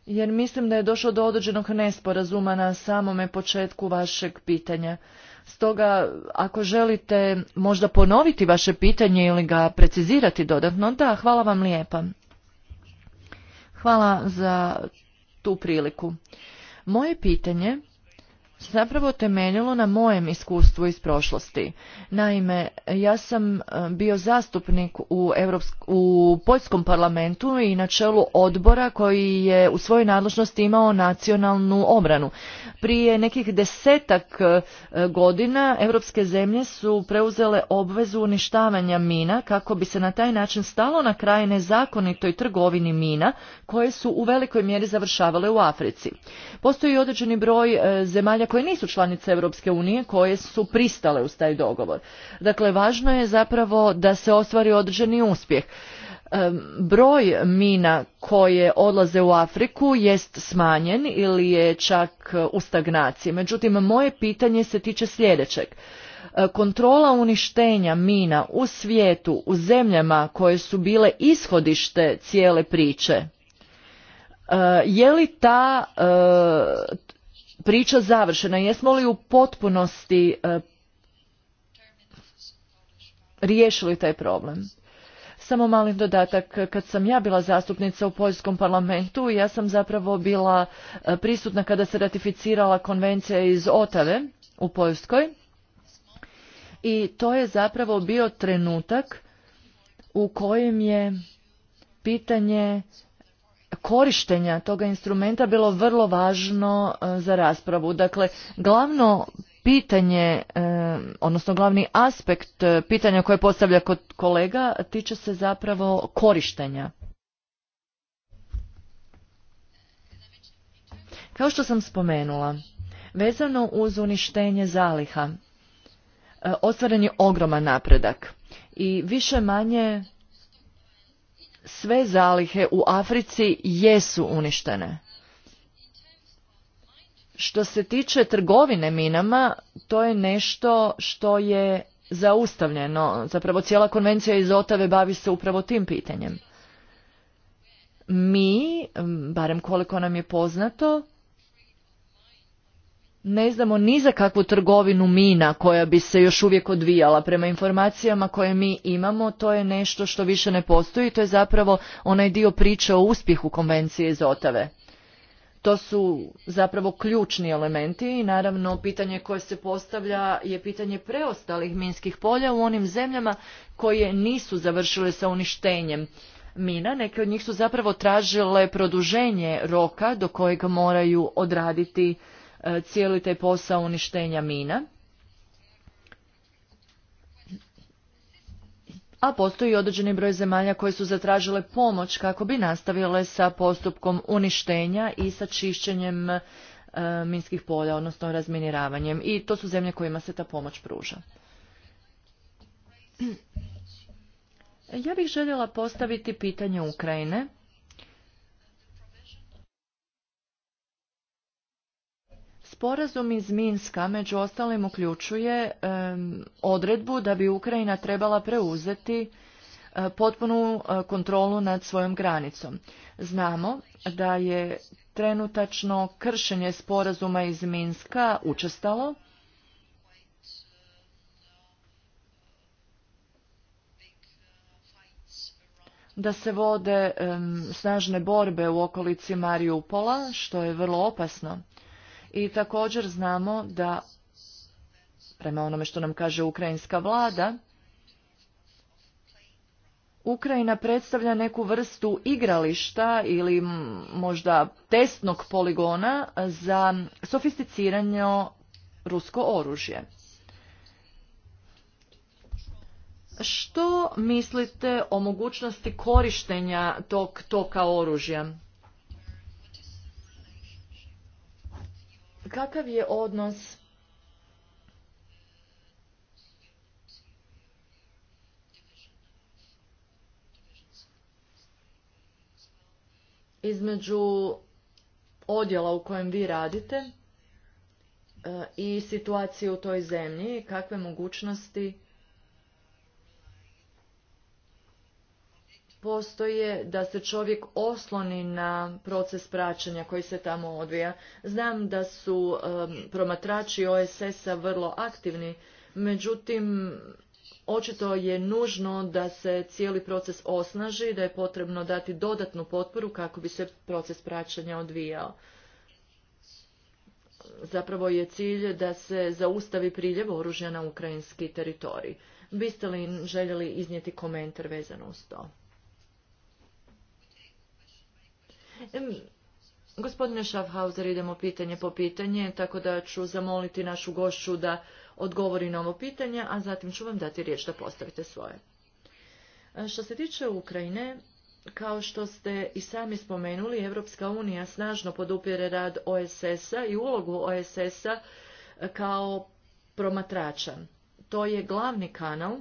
jer mislim da je došlo do određenog nesporazuma na samome početku vašeg pitanja. Stoga, ako želite možda ponoviti vaše pitanje ili ga precizirati dodatno, da, hvala vam lijepa. Hvala za tu priliku. Moje pitanje zapravo temeljilo na mojem iskustvu iz prošlosti. Naime, ja sam e, bio zastupnik u, Poljskom parlamentu i na čelu odbora koji je u svojoj nadležnosti imao nacionalnu obranu. Prije nekih desetak e, godina europske zemlje su preuzele obvezu uništavanja mina kako bi se na taj način stalo na kraj nezakonitoj trgovini mina koje su u velikoj mjeri završavale u Africi. Postoji određeni broj e, zemalja koje nisu članice Europske unije koje su pristale uz taj dogovor. Dakle, važno je zapravo da se ostvari određeni uspjeh broj mina koje odlaze u Afriku jest smanjen ili je čak u stagnaciji. Međutim, moje pitanje se tiče sljedećeg. E, kontrola uništenja mina u svijetu, u zemljama koje su bile ishodište cijele priče, e, je li ta e, priča završena? Jesmo li u potpunosti e, riješili taj problem? Samo mali dodatak, kad sam ja bila zastupnica u Poljskom parlamentu, ja sam zapravo bila e, prisutna kada se ratificirala konvencija iz Otave u Poljskoj i to je zapravo bio trenutak u kojem je pitanje korištenja toga instrumenta bilo vrlo važno e, za raspravu. Dakle, glavno pitanje, e, odnosno glavni aspekt e, pitanja koje postavlja kod kolega tiče se zapravo korištenja. Kao što sam spomenula, vezano uz uništenje zaliha, ostvaren je ogroman napredak i više manje sve zalihe u Africi jesu uništene. Što se tiče trgovine minama, to je nešto što je zaustavljeno. Zapravo cijela konvencija iz Otave bavi se upravo tim pitanjem. Mi, barem koliko nam je poznato, ne znamo ni za kakvu trgovinu mina koja bi se još uvijek odvijala. Prema informacijama koje mi imamo, to je nešto što više ne postoji. To je zapravo onaj dio priče o uspjehu konvencije iz Otave. To su zapravo ključni elementi i naravno pitanje koje se postavlja je pitanje preostalih minskih polja u onim zemljama koje nisu završile sa uništenjem mina. Neke od njih su zapravo tražile produženje roka do kojeg moraju odraditi E, cijeli taj posao uništenja mina. a postoji određeni broj zemalja koje su zatražile pomoć kako bi nastavile sa postupkom uništenja i sa čišćenjem e, minskih polja, odnosno razminiravanjem. I to su zemlje kojima se ta pomoć pruža. Ja bih željela postaviti pitanje Ukrajine Sporazum iz Minska među ostalim uključuje odredbu da bi Ukrajina trebala preuzeti e, potpunu e, kontrolu nad svojom granicom. Znamo da je trenutačno kršenje sporazuma iz Minska učestalo. da se vode snažne borbe u okolici Mariupola, što je vrlo opasno. I također znamo da, prema onome što nam kaže ukrajinska vlada, Ukrajina predstavlja neku vrstu igrališta ili možda testnog poligona za sofisticiranje rusko oružje. Što mislite o mogućnosti korištenja tog toka oružja? Kakav je odnos između odjela u kojem vi radite e, i situacije u toj zemlji, kakve mogućnosti postoje da se čovjek osloni na proces praćenja koji se tamo odvija. Znam da su promatrači OSS-a vrlo aktivni, međutim očito je nužno da se cijeli proces osnaži, da je potrebno dati dodatnu potporu kako bi se proces praćenja odvijao. Zapravo je cilj da se zaustavi priljev oružja na ukrajinski teritorij. Biste li željeli iznijeti komentar vezano uz to? Gospodine Schaffhauser, idemo pitanje po pitanje, tako da ću zamoliti našu gošću da odgovori na ovo pitanje, a zatim ću vam dati riječ da postavite svoje. E, što se tiče Ukrajine, kao što ste i sami spomenuli, Europska unija snažno podupire rad OSS-a i ulogu OSS-a e, kao promatrača. To je glavni kanal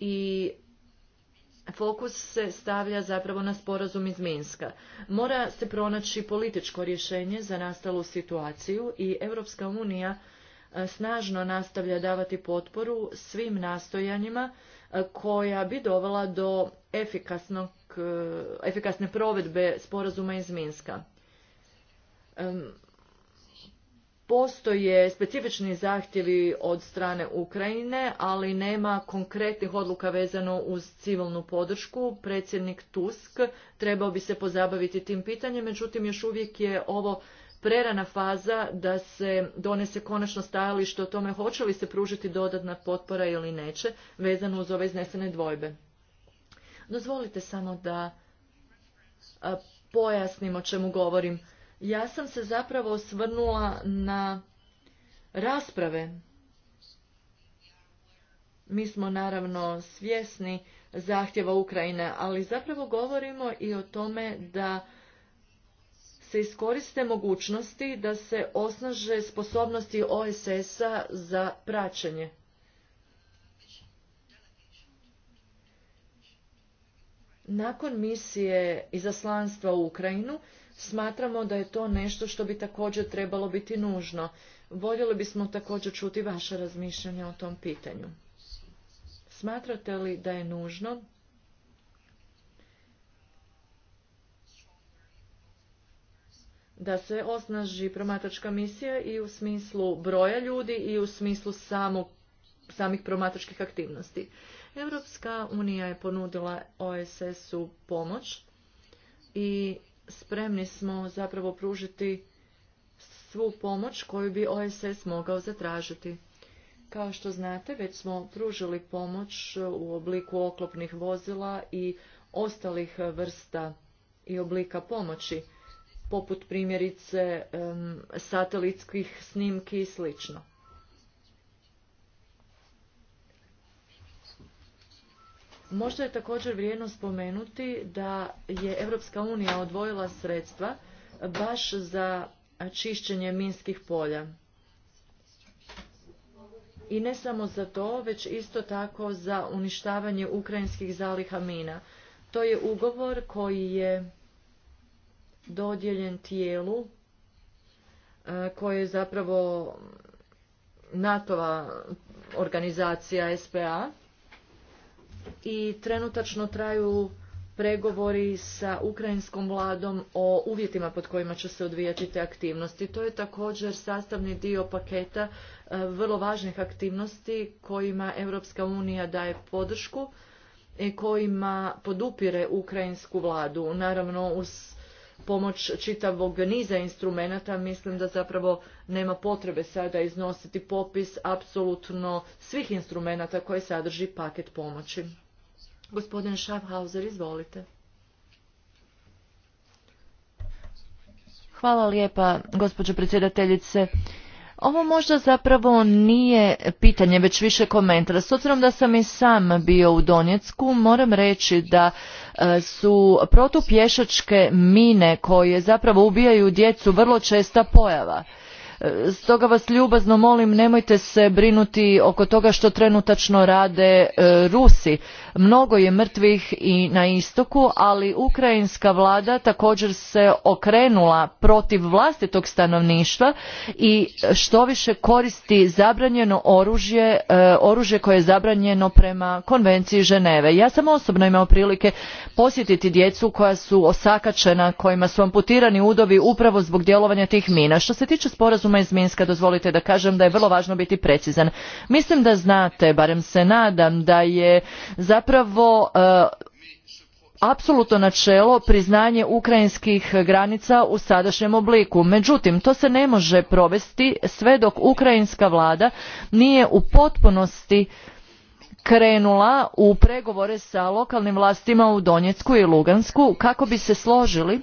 i fokus se stavlja zapravo na sporazum iz Minska. Mora se pronaći političko rješenje za nastalu situaciju i Europska unija e, snažno nastavlja davati potporu svim nastojanjima e, koja bi dovela do e, efikasne provedbe sporazuma iz Minska. Postoje specifični zahtjevi od strane Ukrajine, ali nema konkretnih odluka vezano uz civilnu podršku. Predsjednik Tusk trebao bi se pozabaviti tim pitanjem, međutim još uvijek je ovo prerana faza da se donese konačno stajalište o tome hoće li se pružiti dodatna potpora ili neće, vezano uz ove iznesene dvojbe. Dozvolite samo da pojasnim o čemu govorim ja sam se zapravo osvrnula na rasprave. Mi smo naravno svjesni zahtjeva Ukrajine, ali zapravo govorimo i o tome da se iskoriste mogućnosti da se osnaže sposobnosti OSS-a za praćenje. Nakon misije izaslanstva u Ukrajinu, smatramo da je to nešto što bi također trebalo biti nužno. Voljeli bismo također čuti vaše razmišljanje o tom pitanju. Smatrate li da je nužno da se osnaži promatačka misija i u smislu broja ljudi i u smislu samo samih promatačkih aktivnosti. Europska unija je ponudila OSS-u pomoć i spremni smo zapravo pružiti svu pomoć koju bi OSS mogao zatražiti. Kao što znate, već smo pružili pomoć u obliku oklopnih vozila i ostalih vrsta i oblika pomoći, poput primjerice satelitskih snimki i slično. Možda je također vrijedno spomenuti da je Europska unija odvojila sredstva baš za čišćenje minskih polja. I ne samo za to, već isto tako za uništavanje ukrajinskih zaliha mina. To je ugovor koji je dodijeljen tijelu e, koje je zapravo nato a organizacija SPA i trenutačno traju pregovori sa ukrajinskom vladom o uvjetima pod kojima će se odvijati te aktivnosti. To je također sastavni dio paketa e, vrlo važnih aktivnosti kojima Europska unija daje podršku i kojima podupire ukrajinsku vladu, naravno uz pomoć čitavog niza instrumenata, mislim da zapravo nema potrebe sada iznositi popis apsolutno svih instrumenata koje sadrži paket pomoći. Gospodin Schaffhauser, izvolite. Hvala lijepa, gospođo predsjedateljice. Ovo možda zapravo nije pitanje, već više komentar. S obzirom da sam i sam bio u Donjecku, moram reći da e, su protupješačke mine koje zapravo ubijaju djecu vrlo česta pojava. E, stoga vas ljubazno molim, nemojte se brinuti oko toga što trenutačno rade e, Rusi Mnogo je mrtvih i na istoku, ali ukrajinska vlada također se okrenula protiv vlastitog stanovništva i što više koristi zabranjeno oružje, e, oružje koje je zabranjeno prema konvenciji Ženeve. Ja sam osobno imao prilike posjetiti djecu koja su osakačena, kojima su amputirani udovi upravo zbog djelovanja tih mina. Što se tiče sporazuma iz Minska, dozvolite da kažem da je vrlo važno biti precizan. Mislim da znate, barem se nadam, da je zapravo zapravo e, apsolutno načelo priznanje ukrajinskih granica u sadašnjem obliku. Međutim, to se ne može provesti sve dok ukrajinska vlada nije u potpunosti krenula u pregovore sa lokalnim vlastima u Donjecku i Lugansku kako bi se složili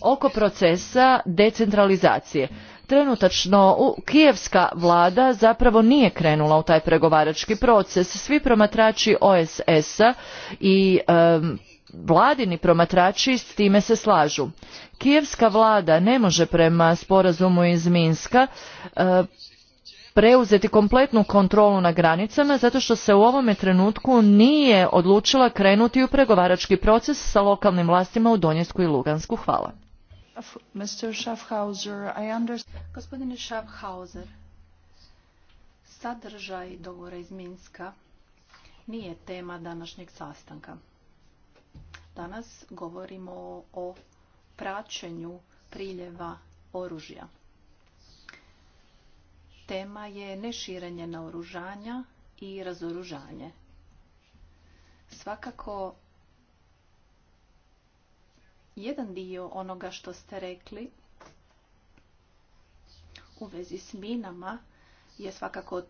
oko procesa decentralizacije. Trenutačno kijevska vlada zapravo nije krenula u taj pregovarački proces. Svi promatrači OSS-a i vladini promatrači s time se slažu. Kijevska vlada ne može prema sporazumu iz Minska e, preuzeti kompletnu kontrolu na granicama zato što se u ovome trenutku nije odlučila krenuti u pregovarački proces sa lokalnim vlastima u Donjesku i Lugansku. Hvala. Mr. Schaffhauser, Gospodine Schaffhauser, sadržaj dogovora iz Minska nije tema današnjeg sastanka. Danas govorimo o praćenju priljeva oružja. Tema je neširenje naoružanja i razoružanje. Svakako jedan dio onoga što ste rekli u vezi s minama je svakako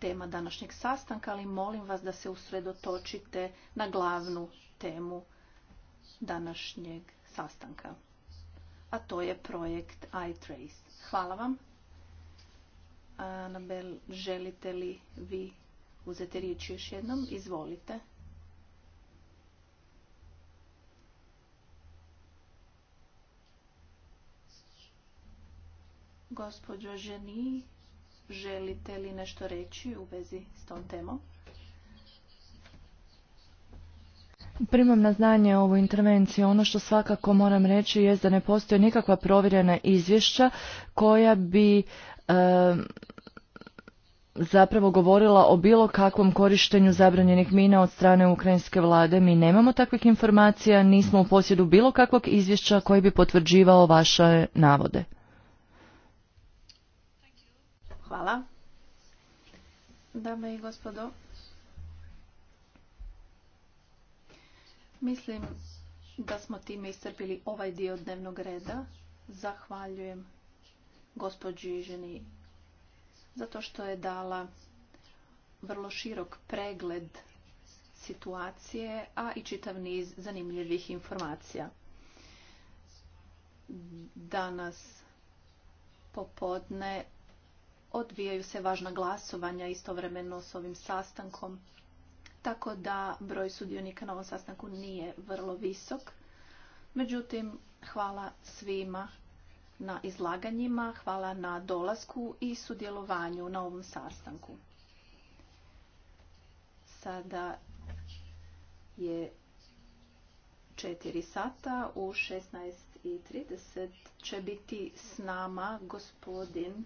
tema današnjeg sastanka, ali molim vas da se usredotočite na glavnu temu današnjeg sastanka. A to je projekt iTrace. Hvala vam. Anabel, želite li vi uzeti riječ još jednom? Izvolite. Gospođo Ženi, želite li nešto reći u vezi s tom temom? Primam na znanje ovu intervenciju. Ono što svakako moram reći je da ne postoje nikakva provjerena izvješća koja bi zapravo govorila o bilo kakvom korištenju zabranjenih mina od strane ukrajinske vlade. Mi nemamo takvih informacija, nismo u posjedu bilo kakvog izvješća koji bi potvrđivao vaše navode. Hvala. Dame i gospodo, mislim da smo time iscrpili ovaj dio dnevnog reda. Zahvaljujem gospođi ženi zato što je dala vrlo širok pregled situacije, a i čitav niz zanimljivih informacija. Danas popodne odvijaju se važna glasovanja istovremeno s ovim sastankom, tako da broj sudionika na ovom sastanku nije vrlo visok. Međutim, hvala svima na izlaganjima, hvala na dolasku i sudjelovanju na ovom sastanku. Sada je 4 sata, u 16.30 će biti s nama gospodin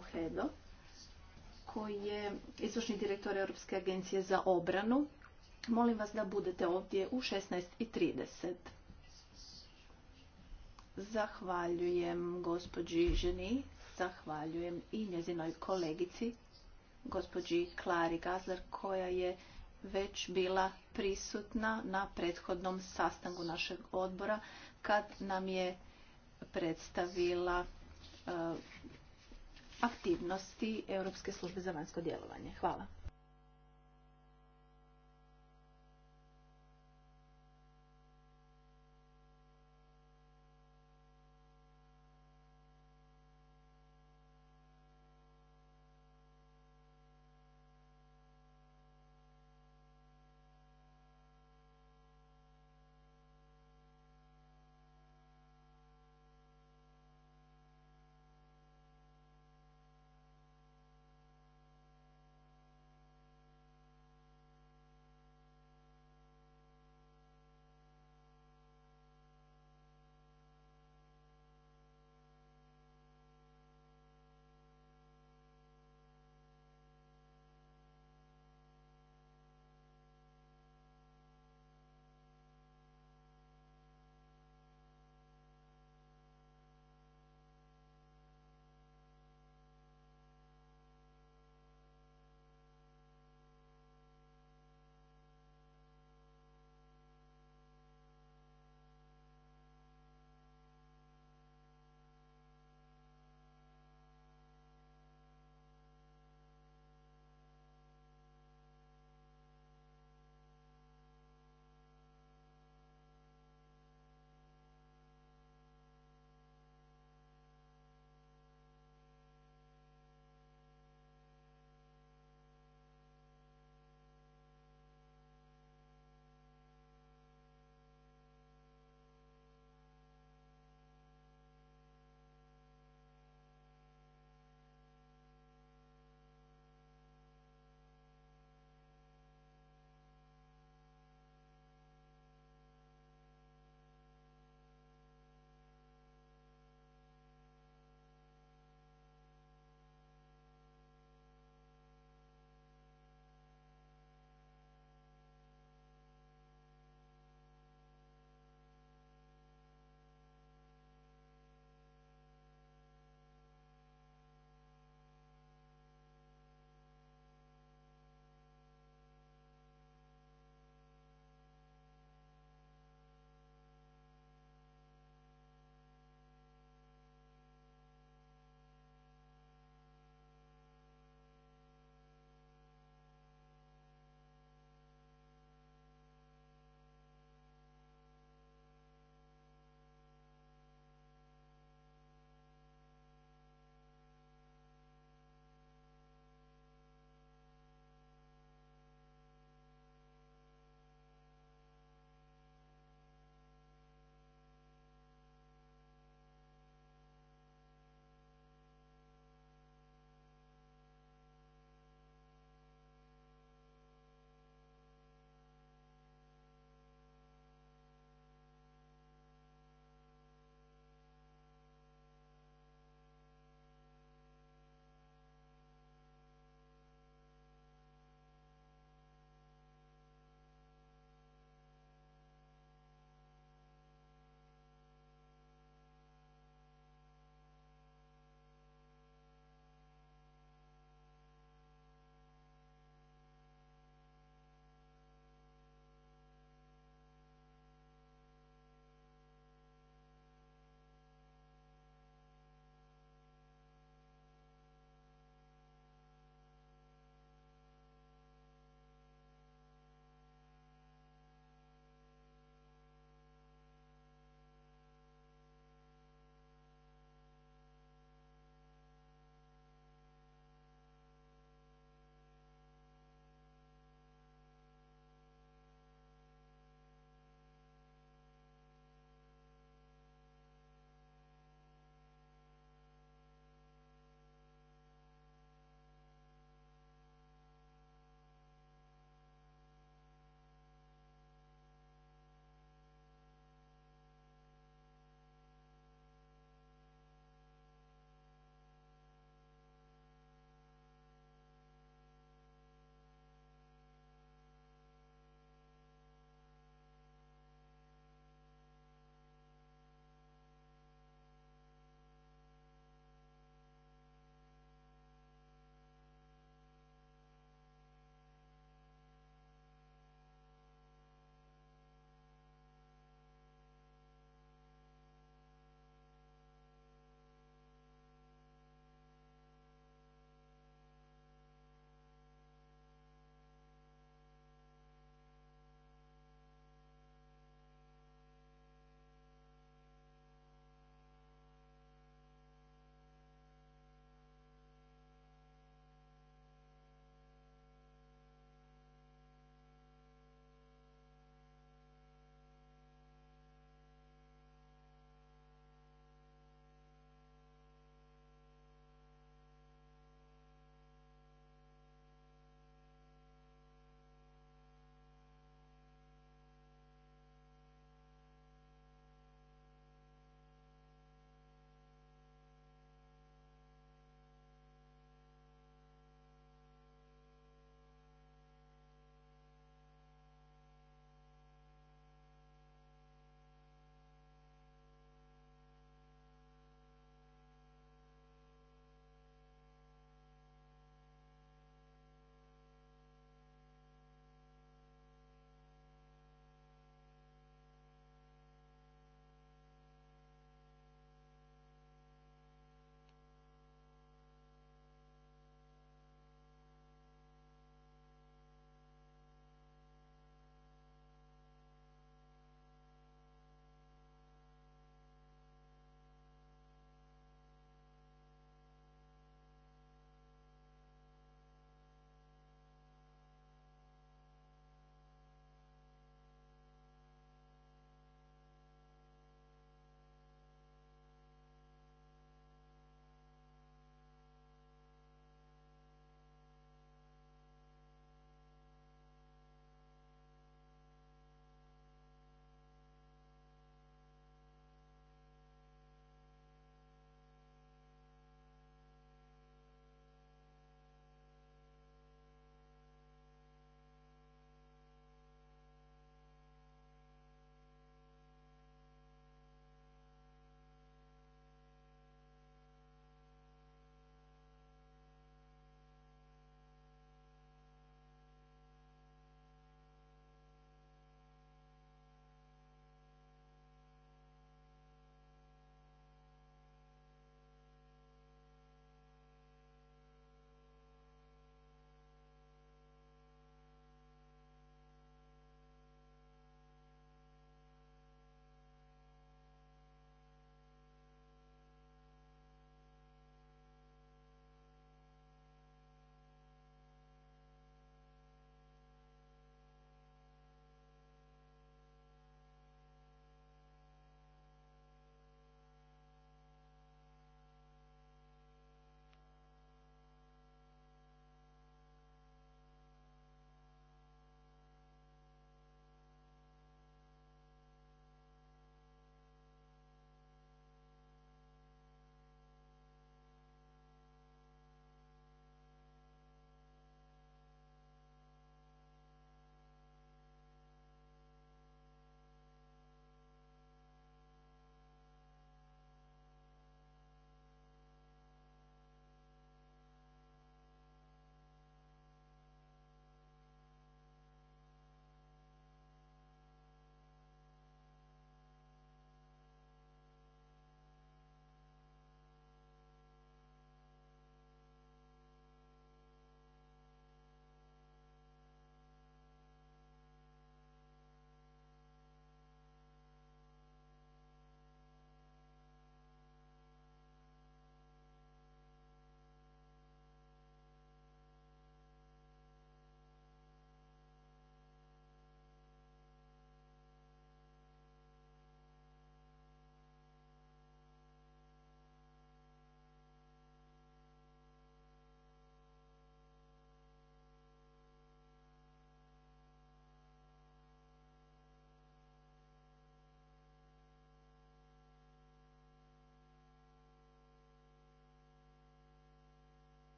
Hedo koji je izvršni direktor Europske agencije za obranu. Molim vas da budete ovdje u 16.30. Zahvaljujem gospođi ženi, zahvaljujem i njezinoj kolegici, gospođi Klari Gazler, koja je već bila prisutna na prethodnom sastanku našeg odbora kad nam je predstavila e, aktivnosti Europske službe za vanjsko djelovanje. Hvala.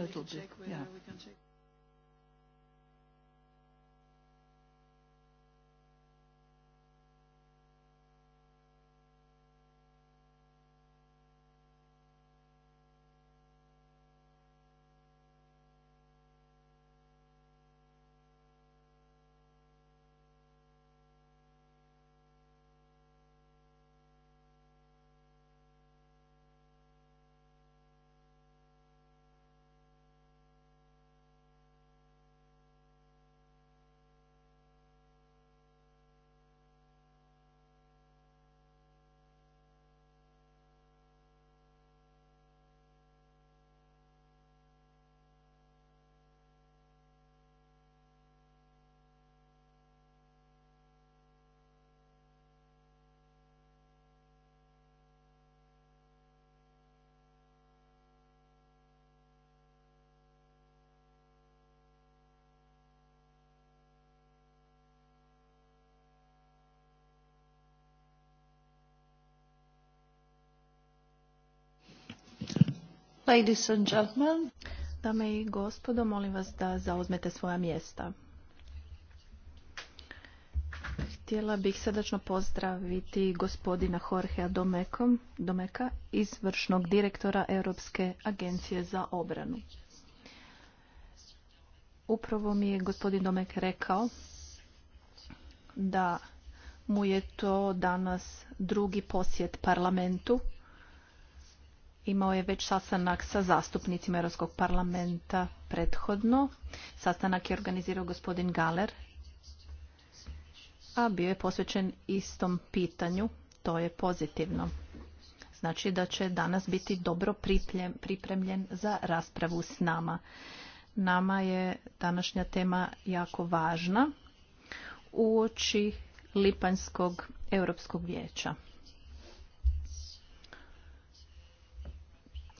a little bit. Yeah. Ladies and gentlemen. Dame i gospodo, molim vas da zauzmete svoja mjesta. Htjela bih srdačno pozdraviti gospodina Jorgea Domeka, izvršnog direktora Europske agencije za obranu. Upravo mi je gospodin Domek rekao da mu je to danas drugi posjet parlamentu Imao je već sastanak sa zastupnicima Europskog parlamenta prethodno. Sastanak je organizirao gospodin Galer, a bio je posvećen istom pitanju. To je pozitivno. Znači da će danas biti dobro pripremljen za raspravu s nama. Nama je današnja tema jako važna oči Lipanjskog Europskog vijeća.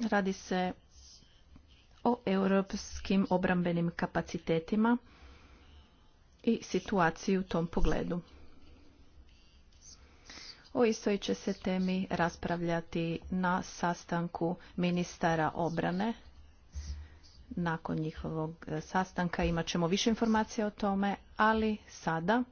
Radi se o europskim obrambenim kapacitetima i situaciji u tom pogledu. O istoj će se temi raspravljati na sastanku ministara obrane. Nakon njihovog sastanka imat ćemo više informacija o tome, ali sada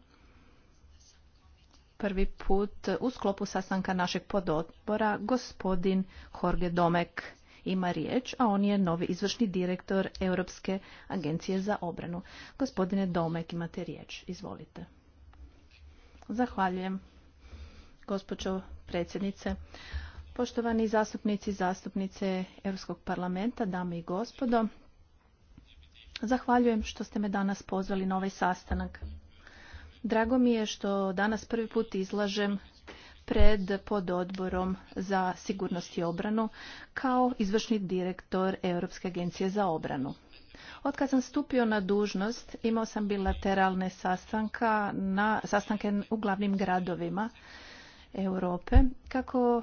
prvi put u sklopu sastanka našeg pododbora gospodin Jorge Domek ima riječ, a on je novi izvršni direktor Europske agencije za obranu. Gospodine Domek, imate riječ. Izvolite. Zahvaljujem, gospođo predsjednice. Poštovani zastupnici i zastupnice Europskog parlamenta, dame i gospodo, zahvaljujem što ste me danas pozvali na ovaj sastanak. Drago mi je što danas prvi put izlažem pred pododborom za sigurnost i obranu kao izvršni direktor Europske agencije za obranu. Od kad sam stupio na dužnost, imao sam bilateralne sastanka na sastanke u glavnim gradovima Europe kako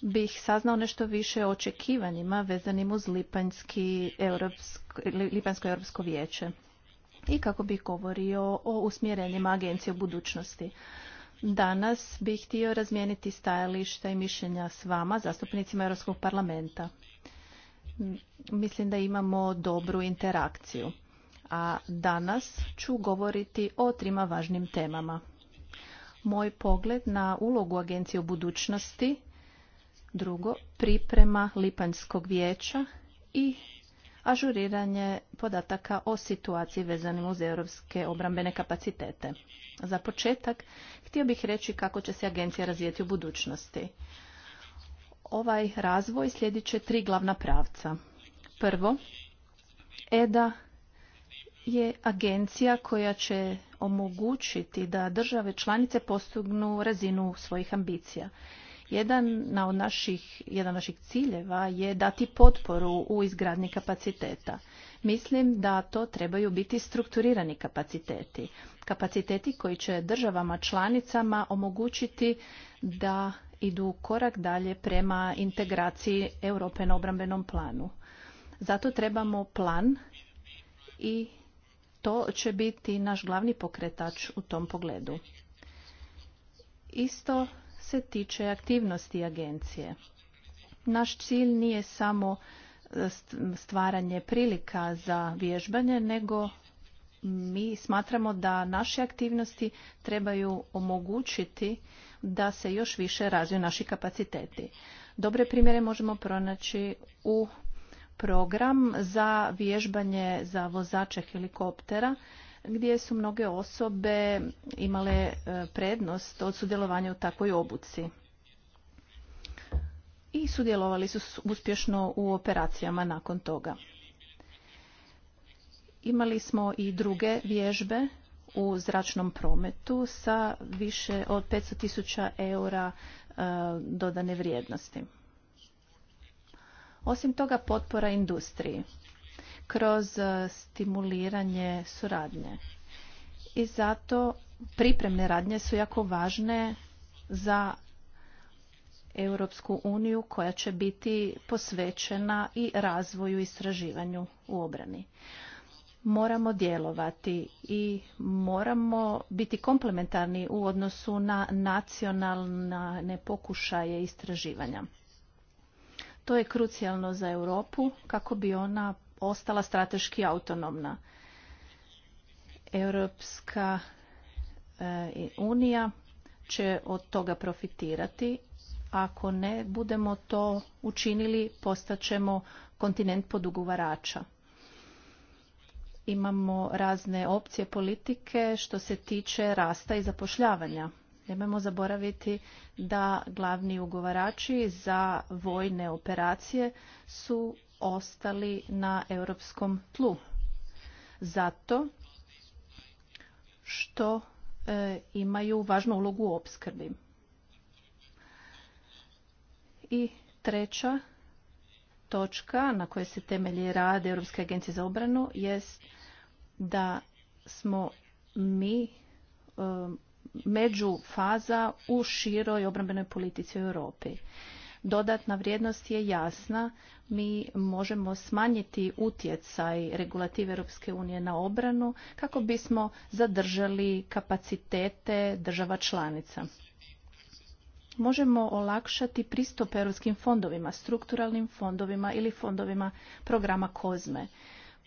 bih saznao nešto više o očekivanjima vezanim uz Lipanjski Lipanjsko Europsko vijeće i kako bih govorio o usmjerenjima agencije u budućnosti. Danas bih htio razmijeniti stajališta i mišljenja s vama, zastupnicima Europskog parlamenta. Mislim da imamo dobru interakciju. A danas ću govoriti o trima važnim temama. Moj pogled na ulogu agencije u budućnosti, drugo, priprema Lipanjskog vijeća i ažuriranje podataka o situaciji vezanim uz europske obrambene kapacitete. Za početak, htio bih reći kako će se agencija razvijeti u budućnosti. Ovaj razvoj slijedit će tri glavna pravca. Prvo, EDA je agencija koja će omogućiti da države članice postignu razinu svojih ambicija. Jedan na od naših, jedan naših ciljeva je dati potporu u izgradnji kapaciteta. Mislim da to trebaju biti strukturirani kapaciteti. Kapaciteti koji će državama članicama omogućiti da idu korak dalje prema integraciji Europe na obrambenom planu. Zato trebamo plan i to će biti naš glavni pokretač u tom pogledu. Isto se tiče aktivnosti agencije. Naš cilj nije samo e, stvaranje prilika za vježbanje, nego mi smatramo da naše aktivnosti trebaju omogućiti da se još više razviju naši kapaciteti. Dobre primjere možemo pronaći u program za vježbanje za vozače helikoptera gdje su mnoge osobe imale e, prednost od sudjelovanja u takvoj obuci i sudjelovali su uspješno u operacijama nakon toga. Imali smo i druge vježbe u zračnom prometu sa više od 500.000 eura e, dodane vrijednosti. Osim toga potpora industriji kroz e, stimuliranje suradnje. I zato pripremne radnje su jako važne za Europsku uniju koja će biti posvećena i razvoju istraživanju u obrani. Moramo djelovati i moramo biti komplementarni u odnosu na nacionalne pokušaje istraživanja. To je krucijalno za Europu kako bi ona ostala strateški autonomna. Europska e, unija će od toga profitirati. Ako ne budemo to učinili, postaćemo kontinent ugovarača. Imamo razne opcije politike što se tiče rasta i zapošljavanja. Nemojmo zaboraviti da glavni ugovarači za vojne operacije su ostali na europskom tlu. Zato što e, imaju važnu ulogu u opskrbi. I treća točka na kojoj se temelji rade... Europske agencije za obranu jest da smo mi e, među faza u široj obrambenoj politici u Europi. Dodatna vrijednost je jasna mi možemo smanjiti utjecaj regulative Europske unije na obranu kako bismo zadržali kapacitete država članica. Možemo olakšati pristup europskim fondovima, strukturalnim fondovima ili fondovima programa Kozme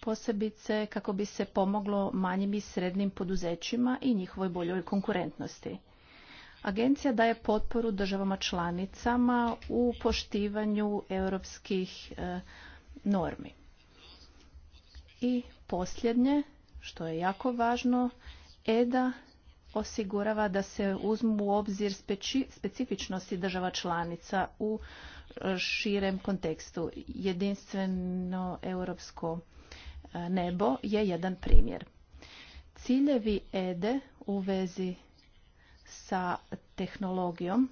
posebice kako bi se pomoglo manjim i srednjim poduzećima i njihovoj boljoj konkurentnosti. Agencija daje potporu državama članicama u poštivanju europskih e, normi. I posljednje, što je jako važno, EDA osigurava da se uzmu u obzir specifičnosti država članica u e, širem kontekstu. Jedinstveno europsko e, nebo je jedan primjer. Ciljevi EDE u vezi sa tehnologijom,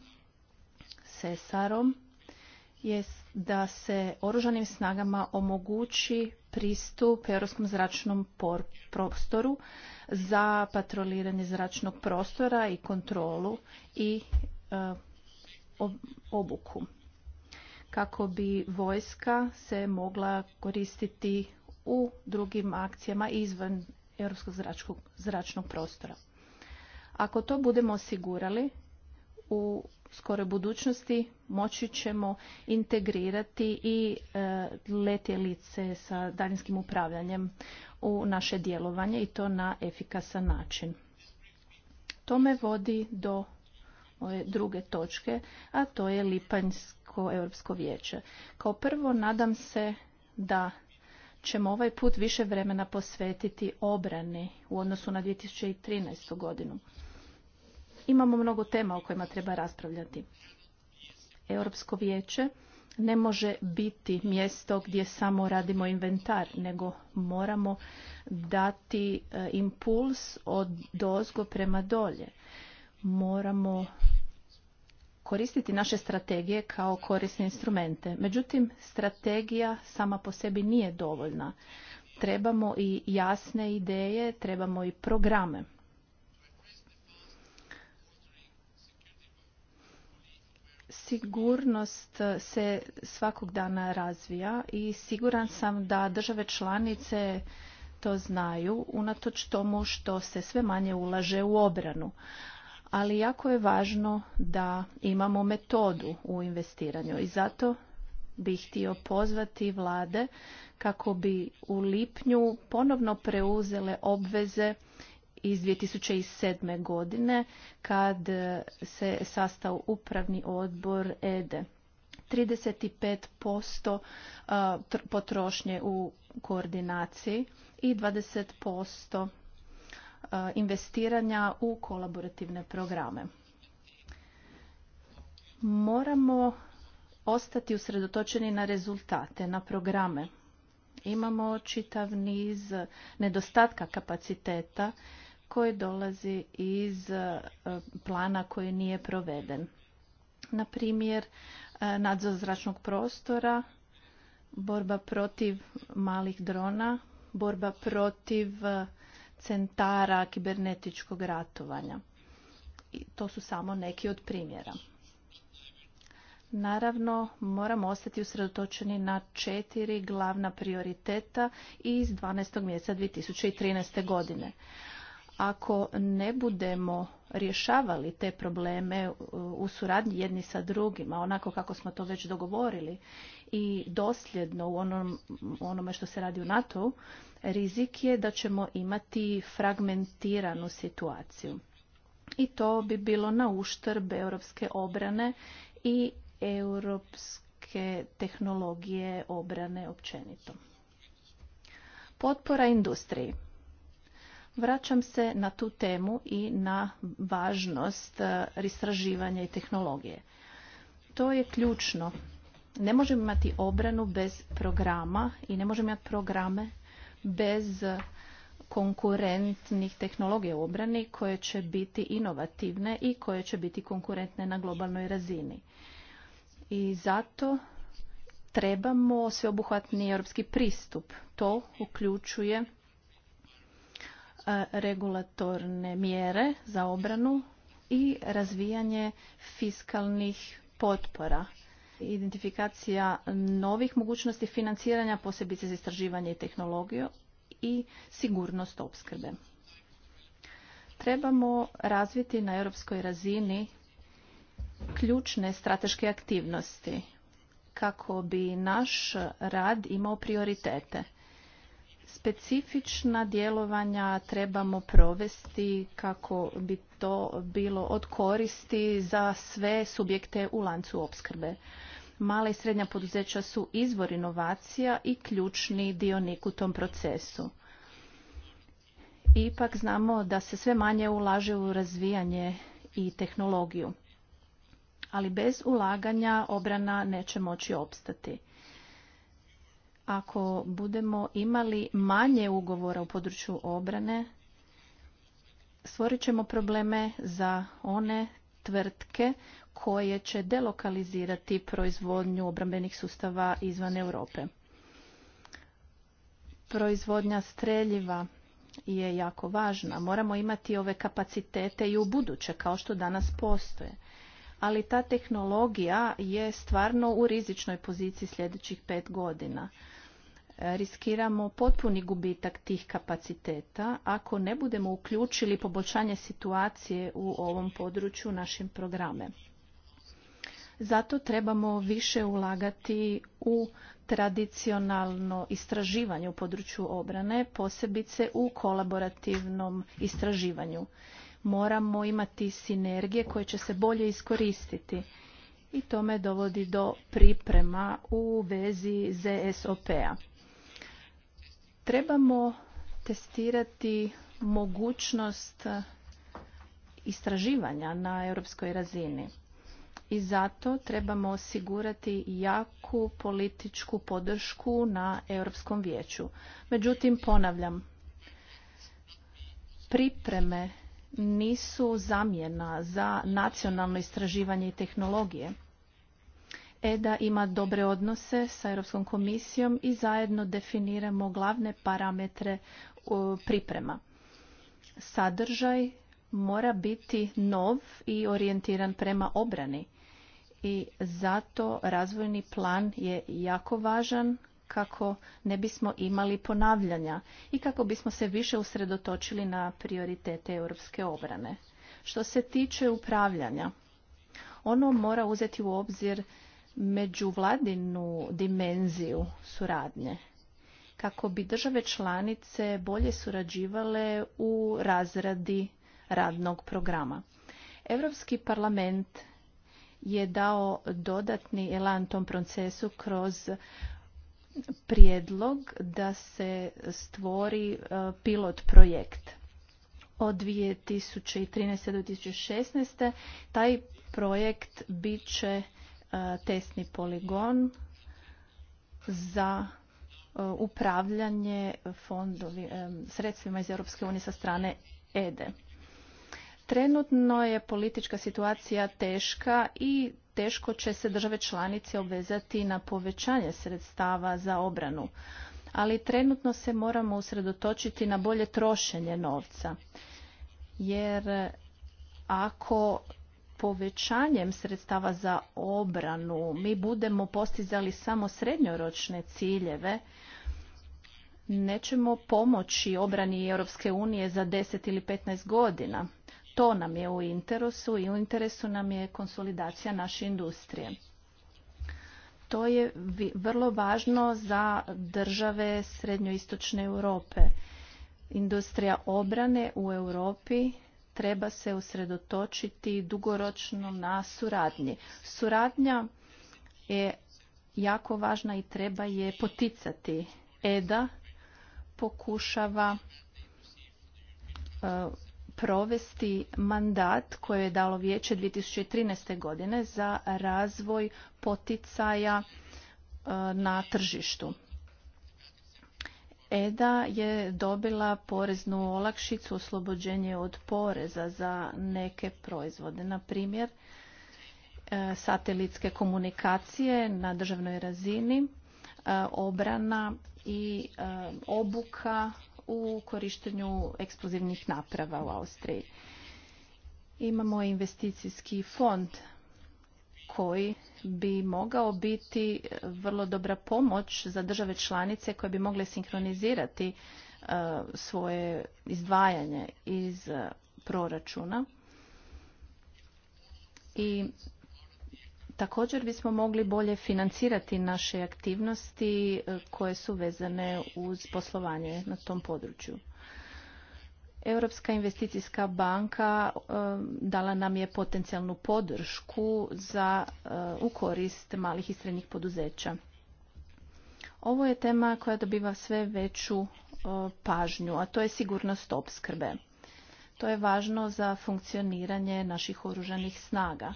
sesarom, je da se oružanim snagama omogući pristup europskom zračnom prostoru za patroliranje zračnog prostora i kontrolu i e, obuku kako bi vojska se mogla koristiti u drugim akcijama izvan europskog zračnog prostora. Ako to budemo osigurali u skoroj budućnosti moći ćemo integrirati i e, letjelice sa daljinskim upravljanjem u naše djelovanje i to na efikasan način. To me vodi do moje druge točke, a to je Lipanjsko europsko vijeće. Kao prvo nadam se da ćemo ovaj put više vremena posvetiti obrani u odnosu na 2013. godinu imamo mnogo tema o kojima treba raspravljati. Europsko vijeće ne može biti mjesto gdje samo radimo inventar, nego moramo dati e, impuls od dozgo prema dolje. Moramo koristiti naše strategije kao korisne instrumente. Međutim, strategija sama po sebi nije dovoljna. Trebamo i jasne ideje, trebamo i programe. sigurnost se svakog dana razvija i siguran sam da države članice to znaju unatoč tomu što se sve manje ulaže u obranu. Ali jako je važno da imamo metodu u investiranju i zato bih htio pozvati vlade kako bi u lipnju ponovno preuzele obveze iz 2007. godine kad se sastao upravni odbor EDE. E. 35% potrošnje u koordinaciji i 20% investiranja u kolaborativne programe. Moramo ostati usredotočeni na rezultate, na programe. Imamo čitav niz nedostatka kapaciteta koji dolazi iz e, plana koji nije proveden. Na primjer, e, nadzor zračnog prostora, borba protiv malih drona, borba protiv e, centara kibernetičkog ratovanja. I to su samo neki od primjera. Naravno, moramo ostati usredotočeni na četiri glavna prioriteta iz 12. mjeseca 2013. godine ako ne budemo rješavali te probleme u suradnji jedni sa drugima, onako kako smo to već dogovorili i dosljedno u onom, onome što se radi u NATO, rizik je da ćemo imati fragmentiranu situaciju. I to bi bilo na uštrb europske obrane i europske tehnologije obrane općenito. Potpora industriji. Vraćam se na tu temu i na važnost e, istraživanja i tehnologije. To je ključno. Ne možemo imati obranu bez programa i ne možemo imati programe bez konkurentnih tehnologija u obrani koje će biti inovativne i koje će biti konkurentne na globalnoj razini. I zato trebamo sveobuhvatni europski pristup. To uključuje E, regulatorne mjere za obranu i razvijanje fiskalnih potpora identifikacija novih mogućnosti financiranja, posebice za istraživanje i tehnologiju i sigurnost opskrbe. Trebamo razviti na europskoj razini ključne strateške aktivnosti kako bi naš rad imao prioritete specifična djelovanja trebamo provesti kako bi to bilo od koristi za sve subjekte u lancu opskrbe. Mala i srednja poduzeća su izvor inovacija i ključni dionik u tom procesu. Ipak znamo da se sve manje ulaže u razvijanje i tehnologiju. Ali bez ulaganja obrana neće moći opstati ako budemo imali manje ugovora u području obrane, stvorit ćemo probleme za one tvrtke koje će delokalizirati proizvodnju obrambenih sustava izvan Europe. Proizvodnja streljiva je jako važna. Moramo imati ove kapacitete i u buduće, kao što danas postoje. Ali ta tehnologija je stvarno u rizičnoj poziciji sljedećih pet godina riskiramo potpuni gubitak tih kapaciteta ako ne budemo uključili poboljšanje situacije u ovom području našim programe. Zato trebamo više ulagati u tradicionalno istraživanje u području obrane, posebice u kolaborativnom istraživanju. Moramo imati sinergije koje će se bolje iskoristiti i to me dovodi do priprema u vezi ZSOP-a. Trebamo testirati mogućnost istraživanja na europskoj razini i zato trebamo osigurati jaku političku podršku na Europskom vijeću. Međutim, ponavljam, pripreme nisu zamjena za nacionalno istraživanje i tehnologije. EDA ima dobre odnose sa Europskom komisijom i zajedno definiramo glavne parametre priprema. Sadržaj mora biti nov i orijentiran prema obrani i zato razvojni plan je jako važan kako ne bismo imali ponavljanja i kako bismo se više usredotočili na prioritete europske obrane. Što se tiče upravljanja, ono mora uzeti u obzir međuvladinu dimenziju suradnje kako bi države članice bolje surađivale u razradi radnog programa. Europski parlament je dao dodatni elan tom procesu kroz prijedlog da se stvori e, pilot projekt. Od 2013. do 2016. taj projekt bit će E, testni poligon za e, upravljanje fondovi, e, sredstvima iz Europske unije sa strane EDE. Trenutno je politička situacija teška i teško će se države članice obvezati na povećanje sredstava za obranu. Ali trenutno se moramo usredotočiti na bolje trošenje novca. Jer ako povećanjem sredstava za obranu mi budemo postizali samo srednjoročne ciljeve, nećemo pomoći obrani Europske unije za 10 ili 15 godina. To nam je u interesu i u interesu nam je konsolidacija naše industrije. To je vrlo važno za države srednjoistočne Europe. Industrija obrane u Europi treba se usredotočiti dugoročno na suradnji. Suradnja je jako važna i treba je poticati. EDA pokušava e, provesti mandat koje je dalo vijeće 2013. godine za razvoj poticaja e, na tržištu. EDA je dobila poreznu olakšicu oslobođenje od poreza za neke proizvode. Na primjer, e, satelitske komunikacije na državnoj razini, e, obrana i e, obuka u korištenju eksplozivnih naprava u Austriji. Imamo investicijski fond koji bi mogao biti vrlo dobra pomoć za države članice koje bi mogle sinkronizirati e, svoje izdvajanje iz e, proračuna. I također bismo mogli bolje financirati naše aktivnosti e, koje su vezane uz poslovanje na tom području. Europska investicijska banka um, dala nam je potencijalnu podršku za uh, u korist malih i srednjih poduzeća. Ovo je tema koja dobiva sve veću uh, pažnju, a to je sigurnost opskrbe. To je važno za funkcioniranje naših oružanih snaga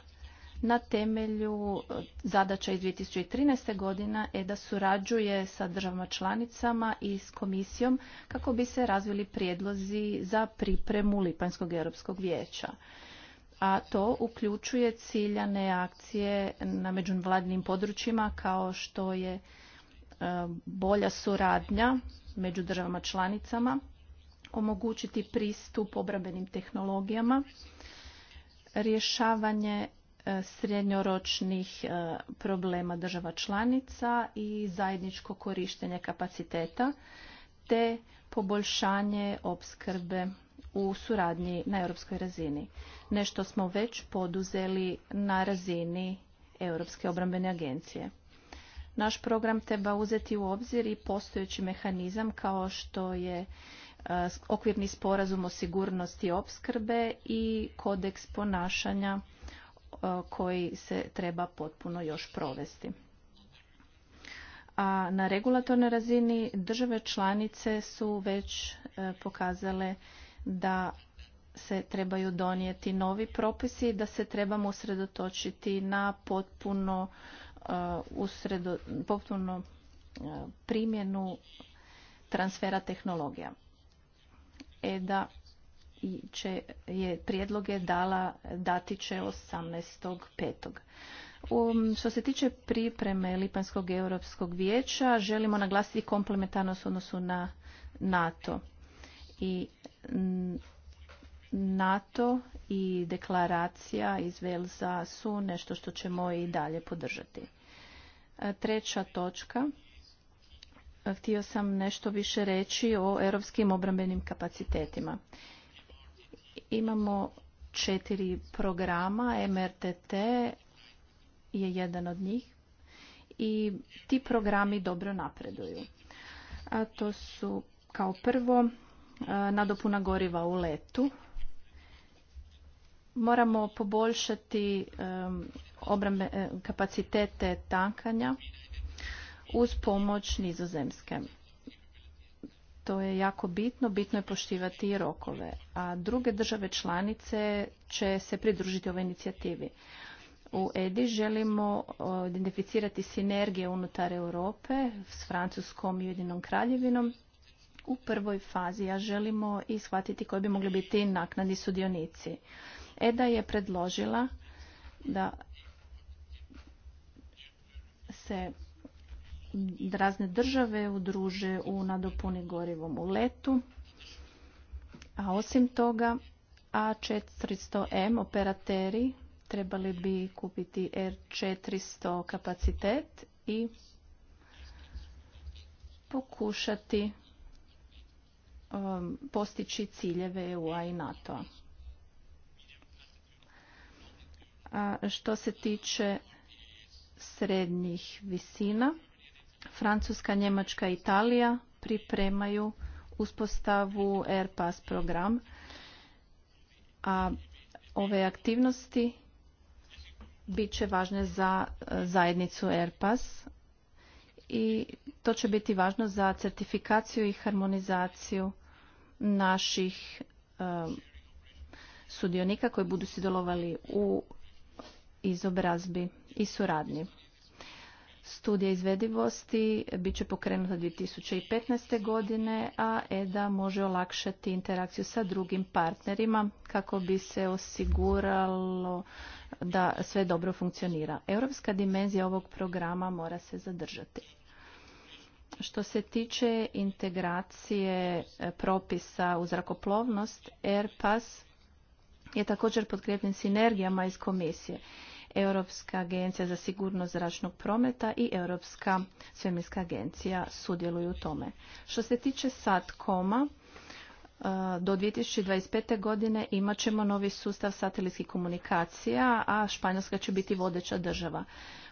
na temelju e, zadaća iz 2013. godina je da surađuje sa državama članicama i s komisijom kako bi se razvili prijedlozi za pripremu Lipanjskog europskog vijeća a to uključuje ciljane akcije na međunvladnim područjima kao što je e, bolja suradnja među državama članicama, omogućiti pristup obrabenim tehnologijama, rješavanje E, srednjoročnih e, problema država članica i zajedničko korištenje kapaciteta te poboljšanje opskrbe u suradnji na europskoj razini. Nešto smo već poduzeli na razini Europske obrambene agencije. Naš program treba uzeti u obzir i postojeći mehanizam kao što je e, okvirni sporazum o sigurnosti opskrbe i kodeks ponašanja E, koji se treba potpuno još provesti. A na regulatornoj razini države članice su već e, pokazale da se trebaju donijeti novi propisi, i da se trebamo usredotočiti na potpuno, e, potpuno primjenu transfera tehnologija. da će je prijedloge dala dati će 18.5. Um, što se tiče pripreme Lipanskog europskog vijeća, želimo naglasiti komplementarnost odnosu na NATO. I NATO i deklaracija iz Velza su nešto što ćemo i dalje podržati. E, treća točka. Htio sam nešto više reći o europskim obrambenim kapacitetima. Imamo četiri programa, MRTT je jedan od njih i ti programi dobro napreduju. A to su kao prvo e, nadopuna goriva u letu. Moramo poboljšati e, e, kapacitete tankanja uz pomoć nizozemske. To je jako bitno, bitno je poštivati i rokove, a druge države članice će se pridružiti ovoj inicijativi. U EDI želimo identificirati sinergije unutar Europe s Francuskom i Ujedinom kraljevinom. U prvoj fazi ja želimo i shvatiti koji bi mogli biti naknadni sudionici. EDA je predložila da se razne države udruže u nadopuni gorivom u letu. A osim toga, A400M operateri trebali bi kupiti R400 kapacitet i pokušati um, postići ciljeve EU-a i nato A što se tiče srednjih visina, Francuska, Njemačka i Italija pripremaju uspostavu AirPass program, a ove aktivnosti bit će važne za e, zajednicu AirPass i to će biti važno za certifikaciju i harmonizaciju naših e, sudionika koji budu sudjelovali u izobrazbi i suradnji. Studija izvedivosti bit će pokrenuta 2015. godine, a EDA može olakšati interakciju sa drugim partnerima kako bi se osiguralo da sve dobro funkcionira. Europska dimenzija ovog programa mora se zadržati. Što se tiče integracije e, propisa u zrakoplovnost, AirPass je također podkrepljen sinergijama iz komisije Europska agencija za sigurnost zračnog prometa i Europska svemirska agencija sudjeluju u tome. Što se tiče SATCOM-a, e, do 2025. godine imat ćemo novi sustav satelitskih komunikacija, a Španjolska će biti vodeća država.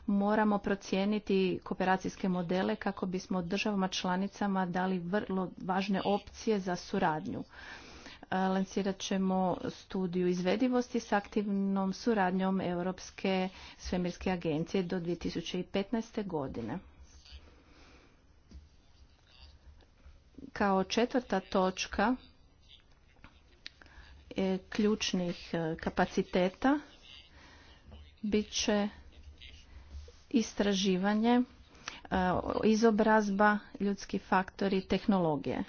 Moramo procijeniti kooperacijske modele kako bismo državama članicama dali vrlo važne opcije za suradnju lansirat ćemo studiju izvedivosti s aktivnom suradnjom Europske svemirske agencije do 2015. godine. Kao četvrta točka e, ključnih e, kapaciteta bit će istraživanje, e, izobrazba, ljudski faktori, tehnologije.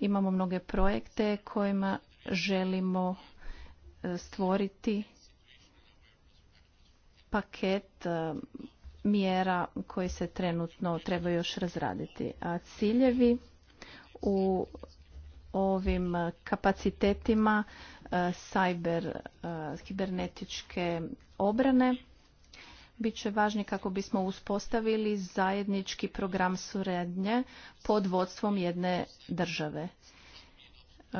Imamo mnoge projekte kojima želimo e, stvoriti paket e, mjera koji se trenutno treba još razraditi. A ciljevi u ovim kapacitetima e, cyber, kibernetičke obrane bit će važni kako bismo uspostavili zajednički program suradnje pod vodstvom jedne države. E,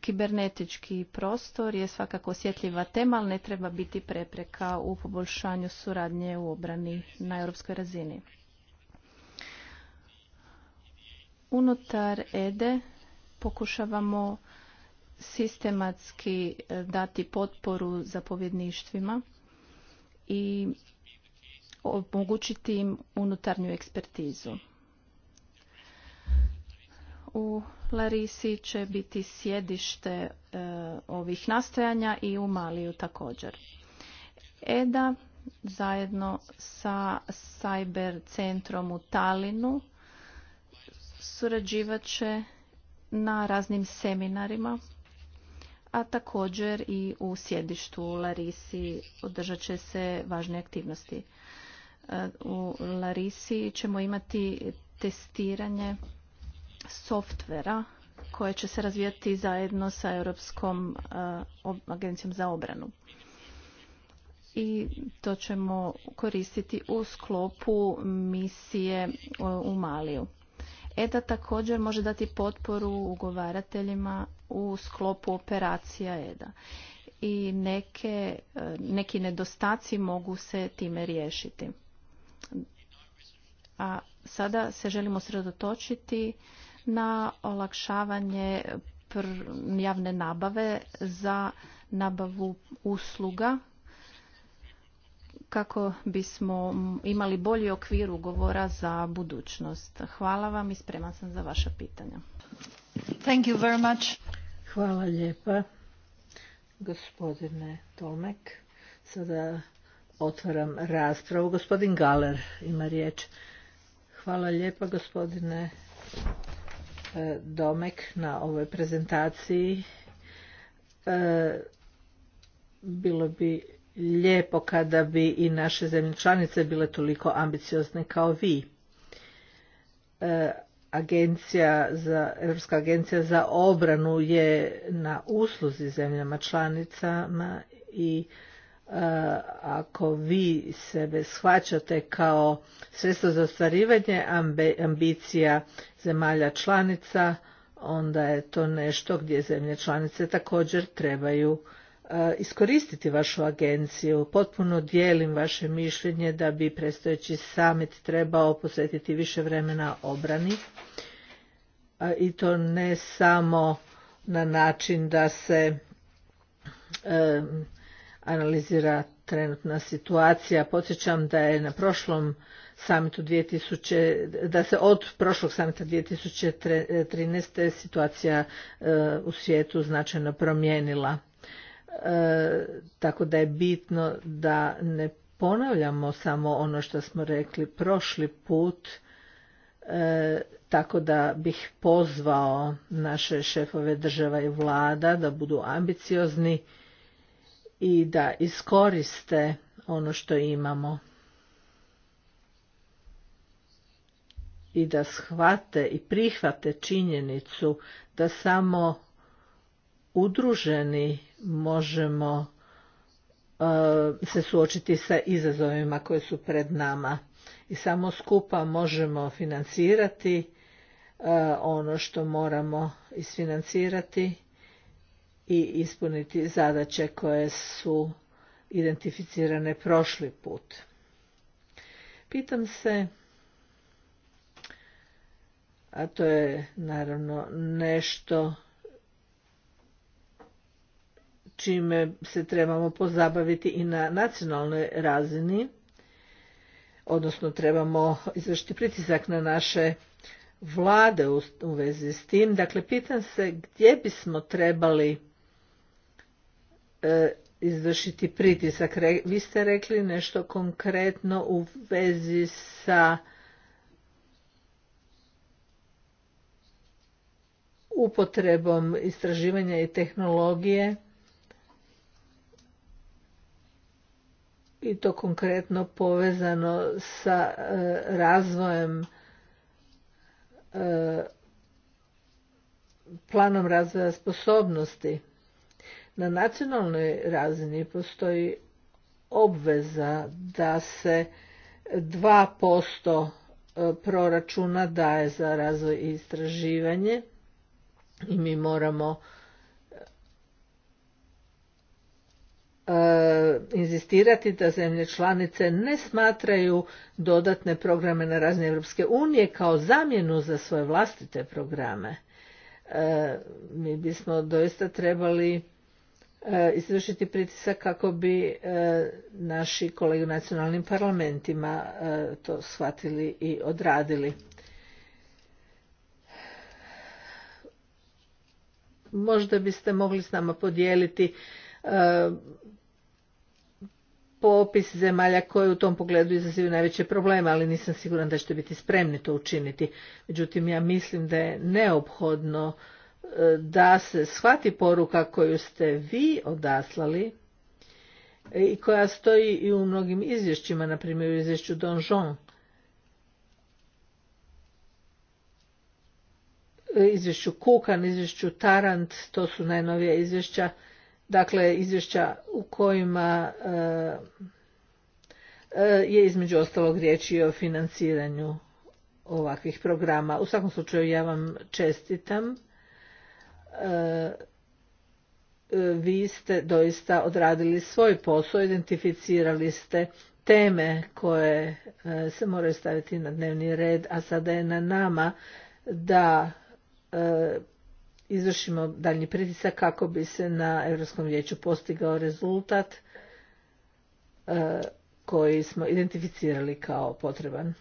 kibernetički prostor je svakako osjetljiva tema, ali ne treba biti prepreka u poboljšanju suradnje u obrani na europskoj razini. Unutar EDE e pokušavamo sistematski e, dati potporu zapovjedništvima i omogućiti im unutarnju ekspertizu. U Larisi će biti sjedište e, ovih nastojanja i u Maliju također. EDA zajedno sa Cyber centrom u Talinu surađivat na raznim seminarima a također i u sjedištu Larisi održat će se važne aktivnosti. E, u Larisi ćemo imati testiranje softvera koje će se razvijati zajedno sa Europskom e, agencijom za obranu. I to ćemo koristiti u sklopu misije e, u Maliju. EDA također može dati potporu ugovarateljima u sklopu operacija EDA i neke, e, neki nedostaci mogu se time riješiti. A sada se želimo sredotočiti na olakšavanje javne nabave za nabavu usluga kako bismo imali bolji okvir ugovora za budućnost. Hvala vam i spreman sam za vaša pitanja. Thank you very much. Hvala lijepa, gospodine Tomek. Sada otvaram raspravu. Gospodin Galer ima riječ. Hvala lijepa, gospodine Domek, e, na ovoj prezentaciji. E, bilo bi lijepo kada bi i naše zemlje članice bile toliko ambiciozne kao vi. E, agencija za, Europska agencija za obranu je na usluzi zemljama članicama i e, ako vi sebe shvaćate kao sredstvo za ostvarivanje ambicija zemalja članica, onda je to nešto gdje zemlje članice također trebaju E, iskoristiti vašu agenciju. Potpuno dijelim vaše mišljenje da bi predstojeći summit trebao posvetiti više vremena obrani i to ne samo na način da se e, analizira trenutna situacija. Podsjećam da je na prošlom samitu 2000, da se od prošlog samita 2013. E, situacija u svijetu značajno promijenila tako da je bitno da ne ponavljamo samo ono što smo rekli prošli put, e, tako da bih pozvao naše šefove država i vlada da budu ambiciozni i da iskoriste ono što imamo. I da shvate i prihvate činjenicu da samo udruženi možemo e, se suočiti sa izazovima koji su pred nama i samo skupa možemo financirati e, ono što moramo isfinancirati i ispuniti zadaće koje su identificirane prošli put. Pitam se, a to je naravno nešto čime se trebamo pozabaviti i na nacionalnoj razini, odnosno trebamo izvršiti pritisak na naše vlade u vezi s tim. Dakle, pitam se gdje bismo trebali e, izvršiti pritisak. Vi ste rekli nešto konkretno u vezi sa upotrebom istraživanja i tehnologije i to konkretno povezano sa e, razvojem e, planom razvoja sposobnosti. Na nacionalnoj razini postoji obveza da se 2% e, proračuna daje za razvoj i istraživanje i mi moramo E, inzistirati da zemlje članice ne smatraju dodatne programe na razne Europske unije kao zamjenu za svoje vlastite programe. E, mi bismo doista trebali e, izvršiti pritisak kako bi naši kolege u nacionalnim parlamentima to shvatili i odradili. Možda biste mogli s nama podijeliti E, popis zemalja koje u tom pogledu izazivaju najveće probleme, ali nisam siguran da ćete biti spremni to učiniti. Međutim, ja mislim da je neophodno e, da se shvati poruka koju ste vi odaslali i koja stoji i u mnogim izvješćima, na primjer u izvješću Donjon, e, izvješću Kukan, izvješću Tarant, to su najnovija izvješća dakle izvješća u kojima e, e, je između ostalog riječ i o financiranju ovakvih programa. U svakom slučaju ja vam čestitam. E, vi ste doista odradili svoj posao, identificirali ste teme koje se moraju staviti na dnevni red, a sada je na nama da izvršimo daljnji pritisak kako bi se na Europskom vijeću postigao rezultat e, koji smo identificirali kao potreban.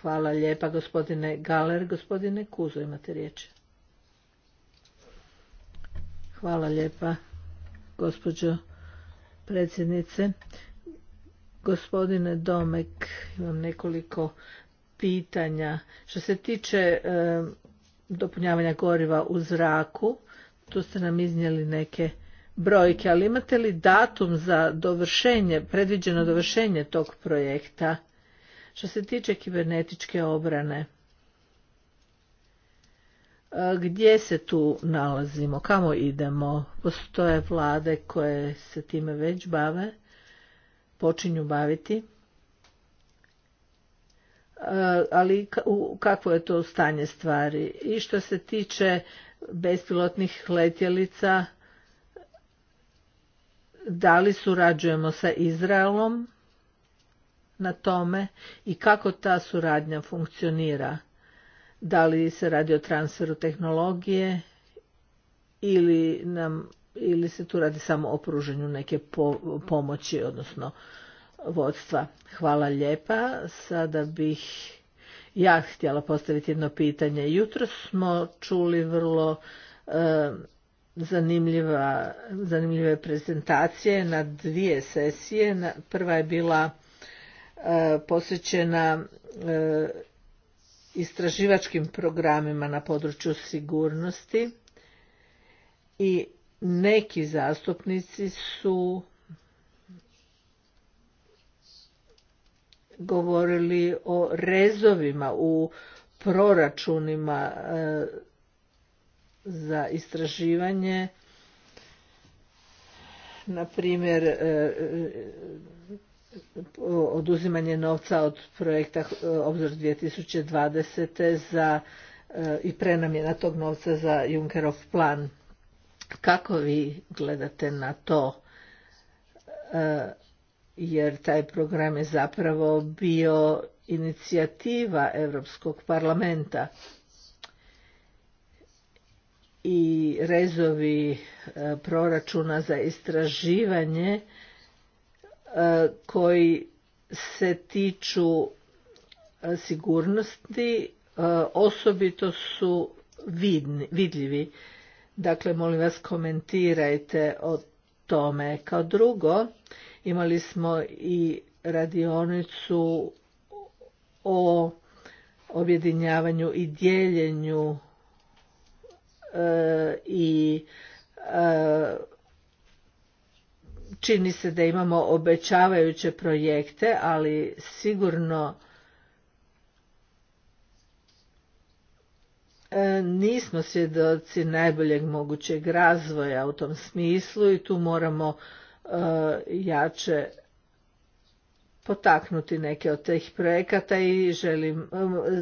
Hvala lijepa gospodine Galer. Gospodine Kuzo imate riječ. Hvala lijepa gospođo predsjednice. Gospodine Domek, imam nekoliko pitanja. Što se tiče e, dopunjavanja goriva u zraku. Tu ste nam iznijeli neke brojke, ali imate li datum za dovršenje, predviđeno dovršenje tog projekta što se tiče kibernetičke obrane? E, gdje se tu nalazimo? Kamo idemo? Postoje vlade koje se time već bave, počinju baviti ali kakvo je to stanje stvari. I što se tiče bespilotnih letjelica, da li surađujemo sa Izraelom na tome i kako ta suradnja funkcionira? Da li se radi o transferu tehnologije ili, nam, ili se tu radi samo o pruženju neke pomoći, odnosno vodstva. Hvala lijepa. Sada bih ja htjela postaviti jedno pitanje. Jutro smo čuli vrlo e, zanimljive prezentacije na dvije sesije. Prva je bila posjećena posvećena e, istraživačkim programima na području sigurnosti i neki zastupnici su govorili o rezovima u proračunima e, za istraživanje na primjer e, oduzimanje novca od projekta e, Obzor 2020. za i prenamjena tog novca za Junkerov plan. Kako vi gledate na to? jer taj program je zapravo bio inicijativa Europskog parlamenta i rezovi e, proračuna za istraživanje e, koji se tiču e, sigurnosti osobito su vidljivi. Dakle, molim vas komentirajte o tome. Kao drugo, Imali smo i radionicu o objedinjavanju i dijeljenju e, i e, čini se da imamo obećavajuće projekte, ali sigurno e, nismo svjedoci najboljeg mogućeg razvoja u tom smislu i tu moramo E, jače potaknuti neke od tih projekata i želim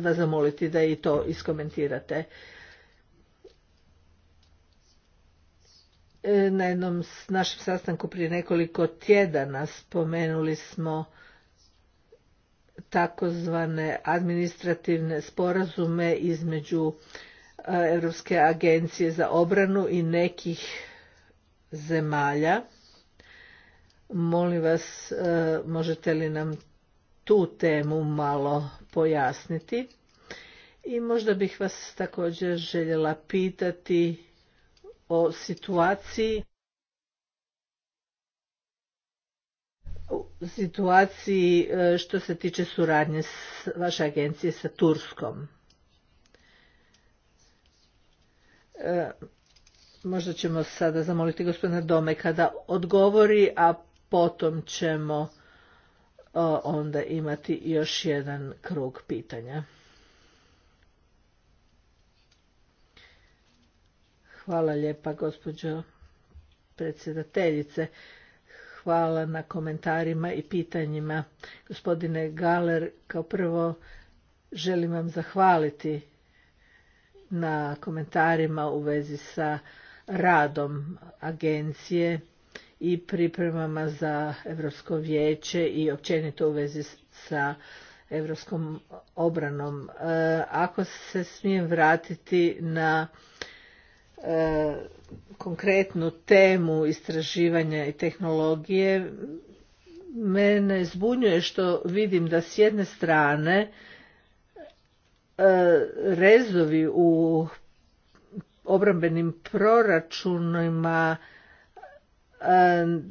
vas e, zamoliti da i to iskomentirate. E, na jednom našem sastanku prije nekoliko tjedana spomenuli smo takozvane administrativne sporazume između Europske agencije za obranu i nekih zemalja Molim vas, e, možete li nam tu temu malo pojasniti? I možda bih vas također željela pitati o situaciji situaciji e, što se tiče suradnje s vaše agencije sa Turskom. E, možda ćemo sada zamoliti gospodina Domeka da odgovori, a potom ćemo onda imati još jedan krug pitanja. Hvala lijepa gospođo predsjedateljice. Hvala na komentarima i pitanjima. Gospodine Galer, kao prvo želim vam zahvaliti na komentarima u vezi sa radom agencije i pripremama za Europsko vijeće i općenito u vezi sa europskom obranom. E, ako se smijem vratiti na e, konkretnu temu istraživanja i tehnologije, mene zbunjuje što vidim da s jedne strane e, rezovi u obrambenim proračunima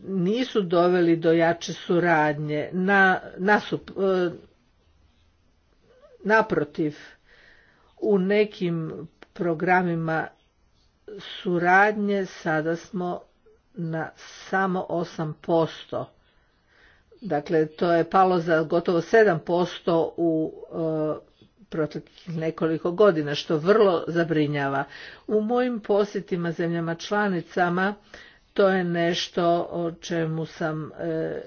nisu doveli do jače suradnje na, e, naprotiv u nekim programima suradnje sada smo na samo 8%. Dakle, to je palo za gotovo 7% u e, proteklih nekoliko godina, što vrlo zabrinjava. U mojim posjetima zemljama članicama to je nešto o čemu sam e,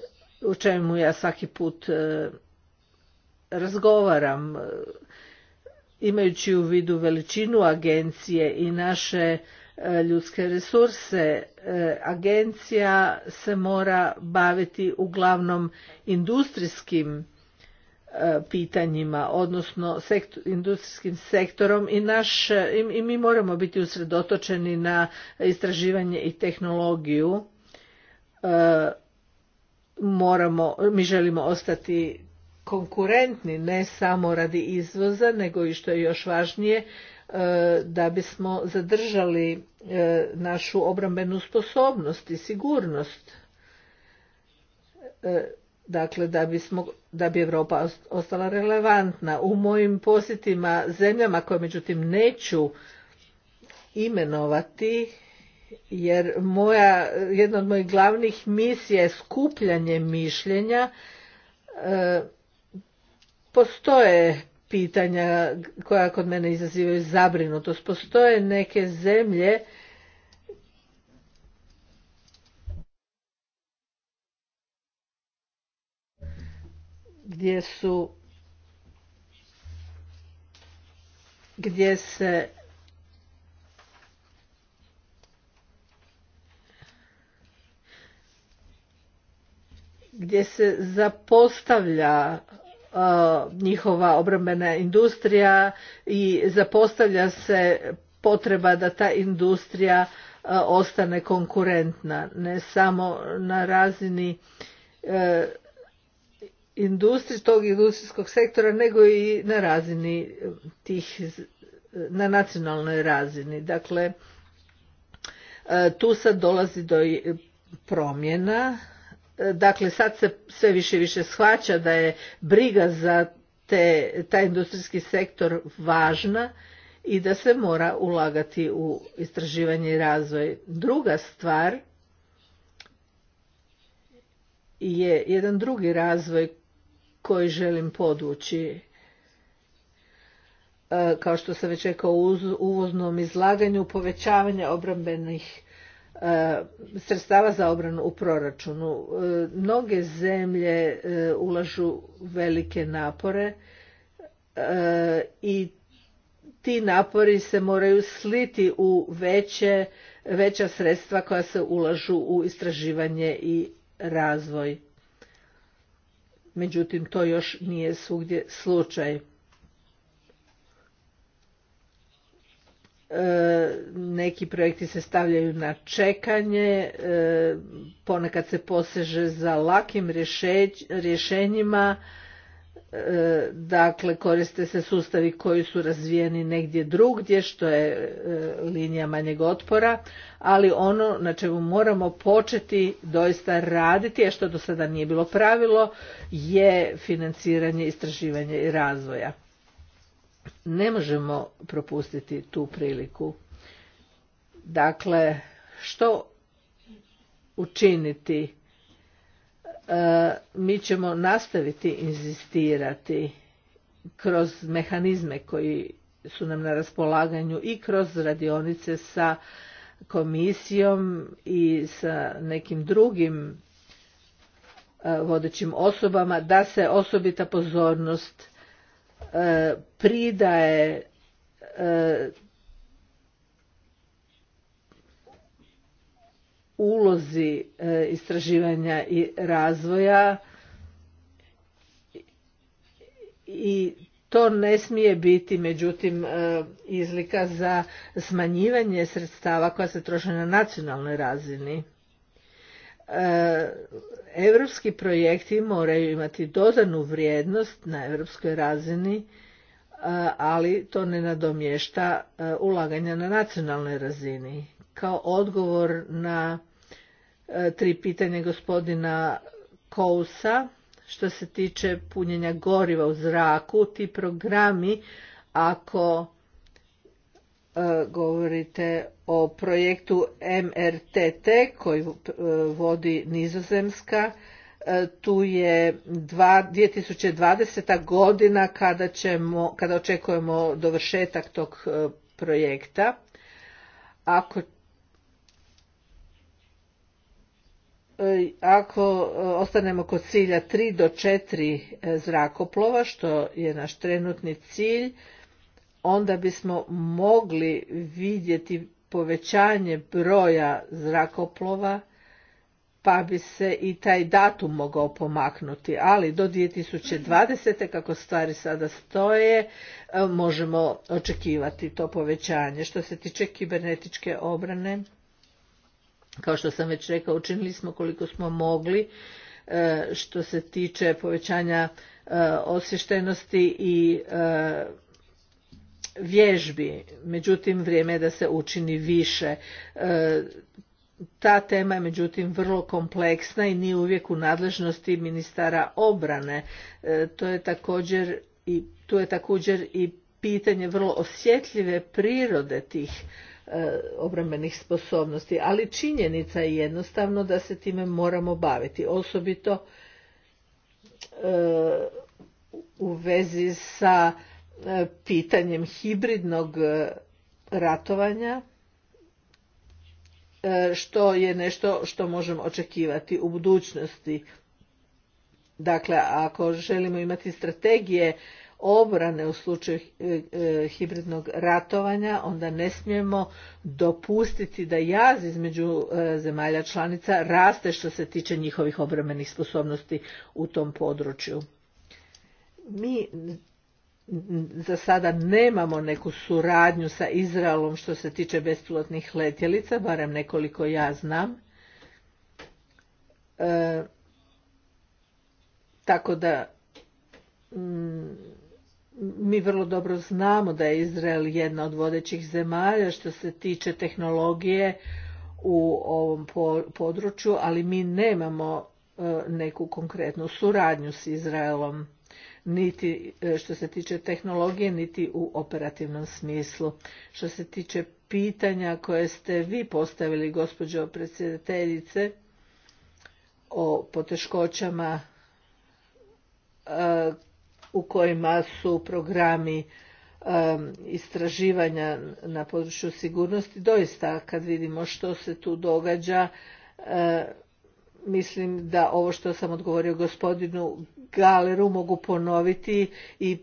o čemu ja svaki put e, razgovaram e, imajući u vidu veličinu agencije i naše ljudske resurse agencija se mora baviti uglavnom industrijskim E, pitanjima, odnosno industrijskim sektorom e, i, i, mi moramo biti usredotočeni na istraživanje i tehnologiju. E, mi želimo ostati konkurentni ne samo radi izvoza, nego i što je još važnije, da bismo zadržali našu obrambenu sposobnost i sigurnost dakle da, da bi Europa ostala relevantna. U mojim posjetima zemljama koje međutim neću imenovati jer moja, jedna od mojih glavnih misija je skupljanje mišljenja. E, postoje pitanja koja kod mene izazivaju zabrinutost. Postoje neke zemlje gdje su gdje se gdje se zapostavlja uh, njihova obrambena industrija i zapostavlja se potreba da ta industrija uh, ostane konkurentna ne samo na razini uh, industri, tog industrijskog sektora nego i na razini eh, tih eh, na nacionalnoj razini. Dakle, eh, tu sad dolazi do promjena. Dakle, sad se sve više i više shvaća da je briga za te, taj industrijski sektor važna i da se mora ulagati u istraživanje i razvoj. Druga stvar je jedan drugi razvoj koji želim podući, e, kao što sam već rekao u uvoznom izlaganju, povećavanje obrambenih e, sredstava za obranu u proračunu. E, mnoge zemlje ulažu velike napore i ti napori se moraju sliti u veće, veća sredstva koja se ulažu u istraživanje i razvoj međutim to još nije svugdje slučaj. E, neki projekti se stavljaju na čekanje, e, ponekad se poseže za lakim rješenjima, E, dakle koriste se sustavi koji su razvijeni negdje drugdje što je e, linija manjeg otpora ali ono na čemu moramo početi doista raditi a što do sada nije bilo pravilo je financiranje istraživanja i razvoja ne možemo propustiti tu priliku dakle što učiniti E, mi ćemo nastaviti inzistirati kroz mehanizme koji su nam na raspolaganju i kroz radionice sa komisijom i sa nekim drugim e, vodećim osobama da se osobita pozornost e, pridaje ulozi e, istraživanja i razvoja i to ne smije biti međutim e, izlika za smanjivanje sredstava koja se troše na nacionalnoj razini. Europski projekti moraju imati dodanu vrijednost na europskoj razini, e, ali to ne nadomješta ulaganja na nacionalnoj razini kao odgovor na e, tri pitanja gospodina Kousa što se tiče punjenja goriva u zraku, ti programi ako e, govorite o projektu MRTT koji e, vodi Nizozemska, tu je 2020. godina kada, ćemo, kada očekujemo dovršetak tog projekta. Ako E, ako e, ostanemo kod cilja 3 do 4 e, zrakoplova, što je naš trenutni cilj, onda bismo mogli vidjeti povećanje broja zrakoplova, pa bi se i taj datum mogao pomaknuti. Ali do 2020. kako stvari sada stoje, možemo očekivati to povećanje. Što se tiče kibernetičke obrane, kao što sam već rekao učinili smo koliko smo mogli e, što se tiče povećanja e, osviještenosti i e, vježbi međutim vrijeme je da se učini više ta tema je međutim vrlo kompleksna i nije uvijek u nadležnosti ministara obrane to je također i tu je također i pitanje vrlo osjetljive prirode tih E, obrambenih sposobnosti, ali činjenica je jednostavno da se time moramo baviti, osobito e, u vezi sa e, pitanjem hibridnog ratovanja, što je nešto što možemo očekivati u budućnosti. Dakle, ako želimo imati strategije obrane u slučaju e, e, hibridnog ratovanja, onda ne smijemo dopustiti da jaz između e, zemalja članica raste što se tiče njihovih obrambenih sposobnosti u tom području. Mi za sada nemamo neku suradnju sa Izraelom što se tiče bespilotnih letjelica, barem nekoliko ja znam. tako da mm, mi vrlo dobro znamo da je Izrael jedna od vodećih zemalja što se tiče tehnologije u ovom području, ali mi nemamo e, neku konkretnu suradnju s Izraelom niti e, što se tiče tehnologije, niti u operativnom smislu. Što se tiče pitanja koje ste vi postavili, gospođo predsjedateljice, o poteškoćama e, u kojima su programi istraživanja na području sigurnosti. Doista kad vidimo što se tu događa, mislim da ovo što sam odgovorio gospodinu Galeru mogu ponoviti i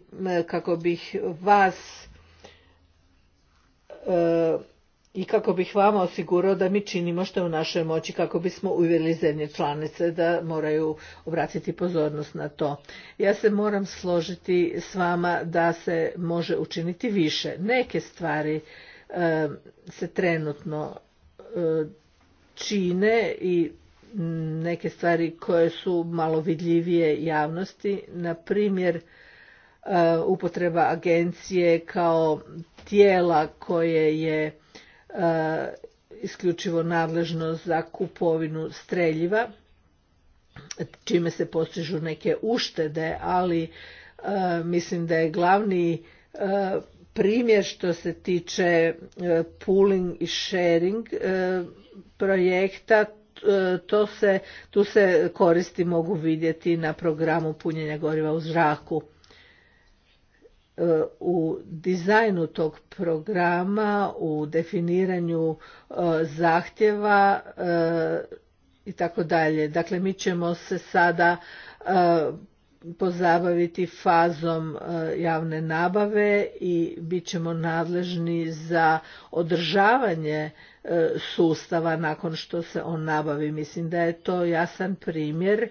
kako bih vas i kako bih vama osigurao da mi činimo što je u našoj moći kako bismo uvjerili zemlje članice da moraju obratiti pozornost na to. Ja se moram složiti s vama da se može učiniti više. Neke stvari eh, se trenutno eh, čine i neke stvari koje su malo vidljivije javnosti. Na primjer, eh, upotreba agencije kao tijela koje je isključivo nadležno za kupovinu streljiva, čime se postižu neke uštede, ali mislim da je glavni primjer što se tiče pooling i sharing projekta to se, tu se koristi mogu vidjeti na programu punjenja goriva u zraku. E, u dizajnu tog programa, u definiranju e, zahtjeva e, i tako dalje. Dakle, mi ćemo se sada pozabaviti fazom javne nabave i bit ćemo nadležni za održavanje sustava nakon što se on nabavi. Mislim da je to jasan primjer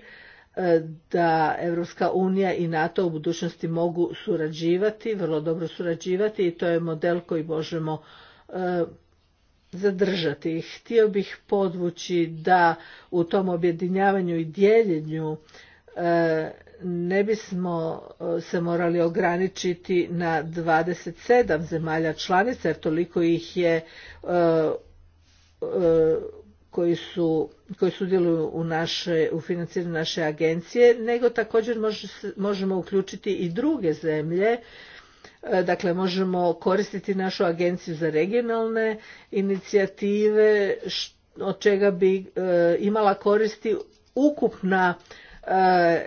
E, da Evropska unija i NATO u budućnosti mogu surađivati, vrlo dobro surađivati i to je model koji možemo e, zadržati. Htio bih podvući da u tom objedinjavanju i dijeljenju e, ne bismo se morali ograničiti na 27 zemalja članica jer toliko ih je koji su koji sudjeluju u naše u financiranju naše agencije nego također možemo uključiti i druge zemlje e, dakle možemo koristiti našu agenciju za regionalne inicijative od čega bi e, imala koristi ukupna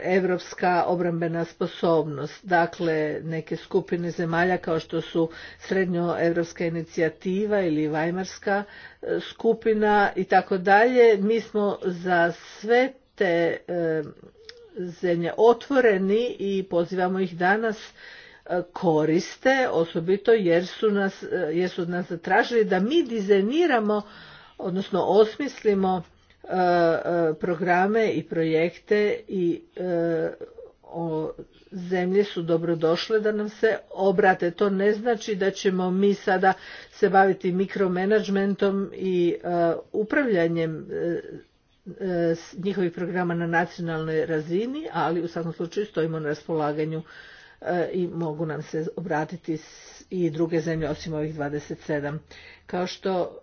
europska obrambena sposobnost. Dakle, neke skupine zemalja kao što su srednjoevropska inicijativa ili vajmarska e, skupina i tako dalje, mi smo za sve te e, zemlje otvoreni i pozivamo ih danas e, koriste, osobito jer su, nas, jer su od nas zatražili da mi dizajniramo, odnosno osmislimo E, e, programe i projekte i e, zemlje su dobrodošle da nam se obrate. To ne znači da ćemo mi sada se baviti mikromenadžmentom i upravljanjem njihovih programa na nacionalnoj razini, ali u svakom slučaju stojimo na raspolaganju i mogu nam se obratiti i druge zemlje osim ovih 27. Kao što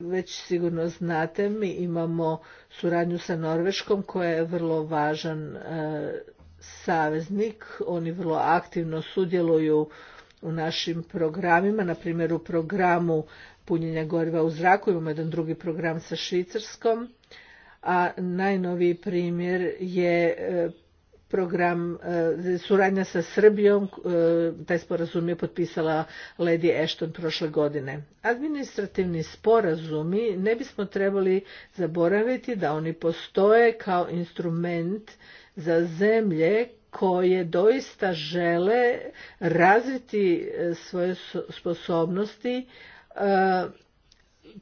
već sigurno znate, mi imamo suradnju sa Norveškom koja je vrlo važan e, saveznik. Oni vrlo aktivno sudjeluju u našim programima, na primjer u programu punjenja goriva u zraku, imamo jedan drugi program sa Švicarskom, a najnoviji primjer je e, program e, suradnja sa Srbijom, e, taj sporazum je potpisala Lady Ashton prošle godine. Administrativni sporazumi ne bismo trebali zaboraviti da oni postoje kao instrument za zemlje koje doista žele razviti e, svoje sposobnosti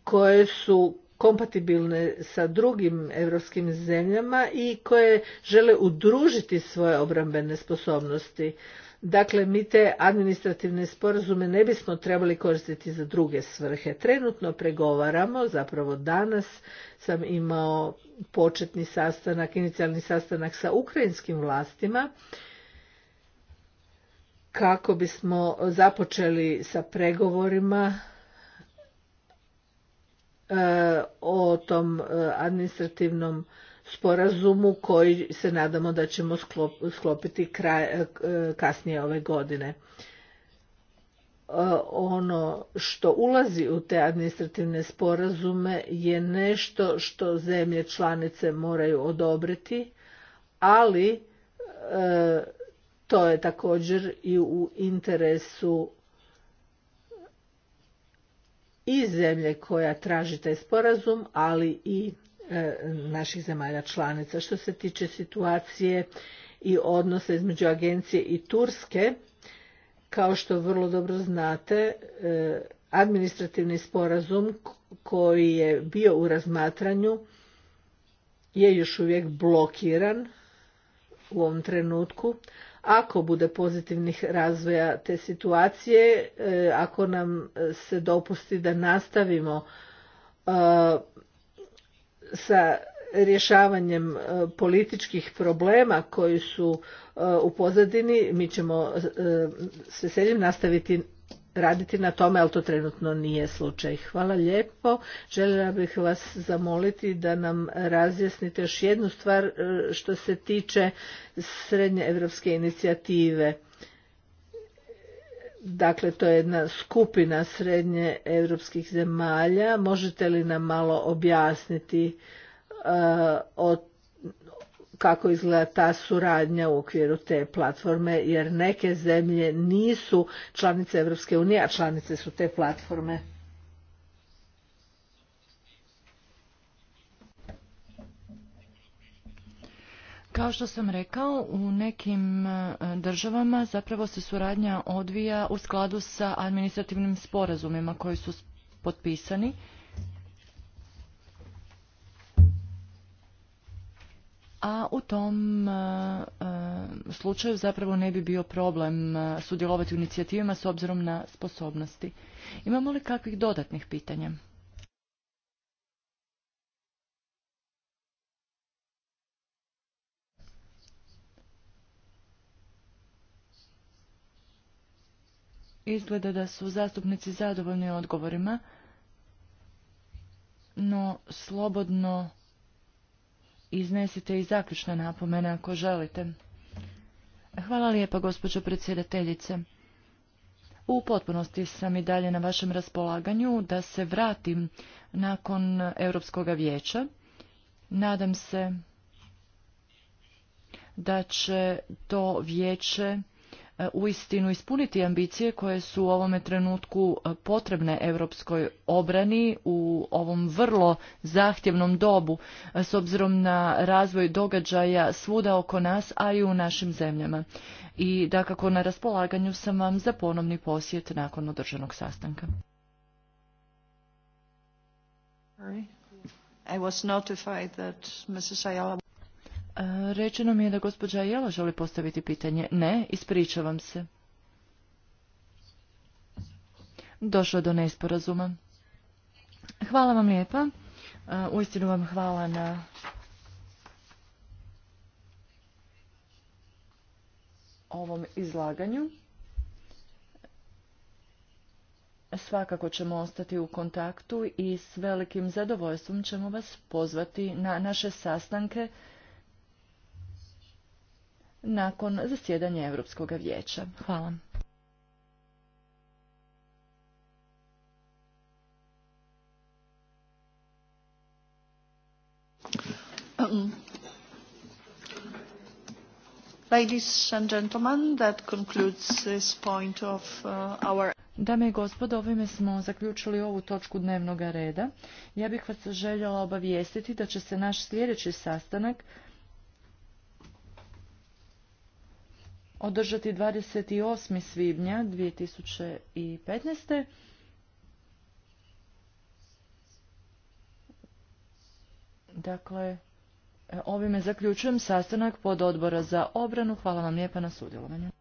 koje su kompatibilne sa drugim europskim zemljama i koje žele udružiti svoje obrambene sposobnosti. Dakle, mi te administrativne sporazume ne bismo trebali koristiti za druge svrhe. Trenutno pregovaramo, zapravo danas sam imao početni sastanak, inicijalni sastanak sa ukrajinskim vlastima kako bismo započeli sa pregovorima o tom e, administrativnom sporazumu koji se nadamo da ćemo sklopiti e, kasnije ove godine. E, ono što ulazi u te administrativne sporazume je nešto što zemlje članice moraju odobriti, ali to je također i u interesu i zemlje koja traži taj sporazum, ali i e, naših zemalja članica. Što se tiče situacije i odnosa između agencije i Turske, kao što vrlo dobro znate, e, administrativni sporazum koji je bio u razmatranju je još uvijek blokiran u ovom trenutku, ako bude pozitivnih razvoja te situacije, e, ako nam se dopusti da nastavimo e, sa rješavanjem e, političkih problema koji su u pozadini, mi ćemo s veseljem nastaviti raditi na tome, ali to trenutno nije slučaj. Hvala lijepo. Željela bih vas zamoliti da nam razjasnite još jednu stvar e, što se tiče srednje evropske inicijative. Dakle, to je jedna skupina srednje evropskih zemalja. Možete li nam malo objasniti e, kako izgleda ta suradnja u okviru te platforme jer neke zemlje nisu članice Europske unije, a članice su te platforme. Kao što sam rekao, u nekim e, državama zapravo se suradnja odvija u skladu sa administrativnim sporazumima koji su potpisani a u tom e, e, slučaju zapravo ne bi bio problem e, sudjelovati u inicijativama s obzirom na sposobnosti. Imamo li kakvih dodatnih pitanja? Izgleda da su zastupnici zadovoljni odgovorima, no slobodno iznesite i zaključne napomene ako želite. Hvala lijepa, gospođo predsjedateljice. U potpunosti sam i dalje na vašem raspolaganju da se vratim nakon Europskog vijeća. Nadam se da će to vijeće E, uistinu ispuniti ambicije koje su u ovome trenutku e, potrebne europskoj obrani u ovom vrlo zahtjevnom dobu e, s obzirom na razvoj događaja svuda oko nas, a i u našim zemljama. I dakako na raspolaganju sam vam za ponovni posjet nakon održanog sastanka. I was notified that Mrs. Ayala E, rečeno mi je da gospođa Jela želi postaviti pitanje. Ne, ispričavam se. Došlo do nesporazuma. Hvala vam lijepa. E, uistinu vam hvala na ovom izlaganju. Svakako ćemo ostati u kontaktu i s velikim zadovoljstvom ćemo vas pozvati na naše sastanke nakon zasjedanja Europskog vijeća. Hvala. Um, ladies and uh, Dame i gospodo, ovime smo zaključili ovu točku dnevnog reda. Ja bih vas željela obavijestiti da će se naš sljedeći sastanak održati 28. svibnja 2015. Dakle, e, ovime zaključujem sastanak pod odbora za obranu. Hvala vam lijepa na sudjelovanju.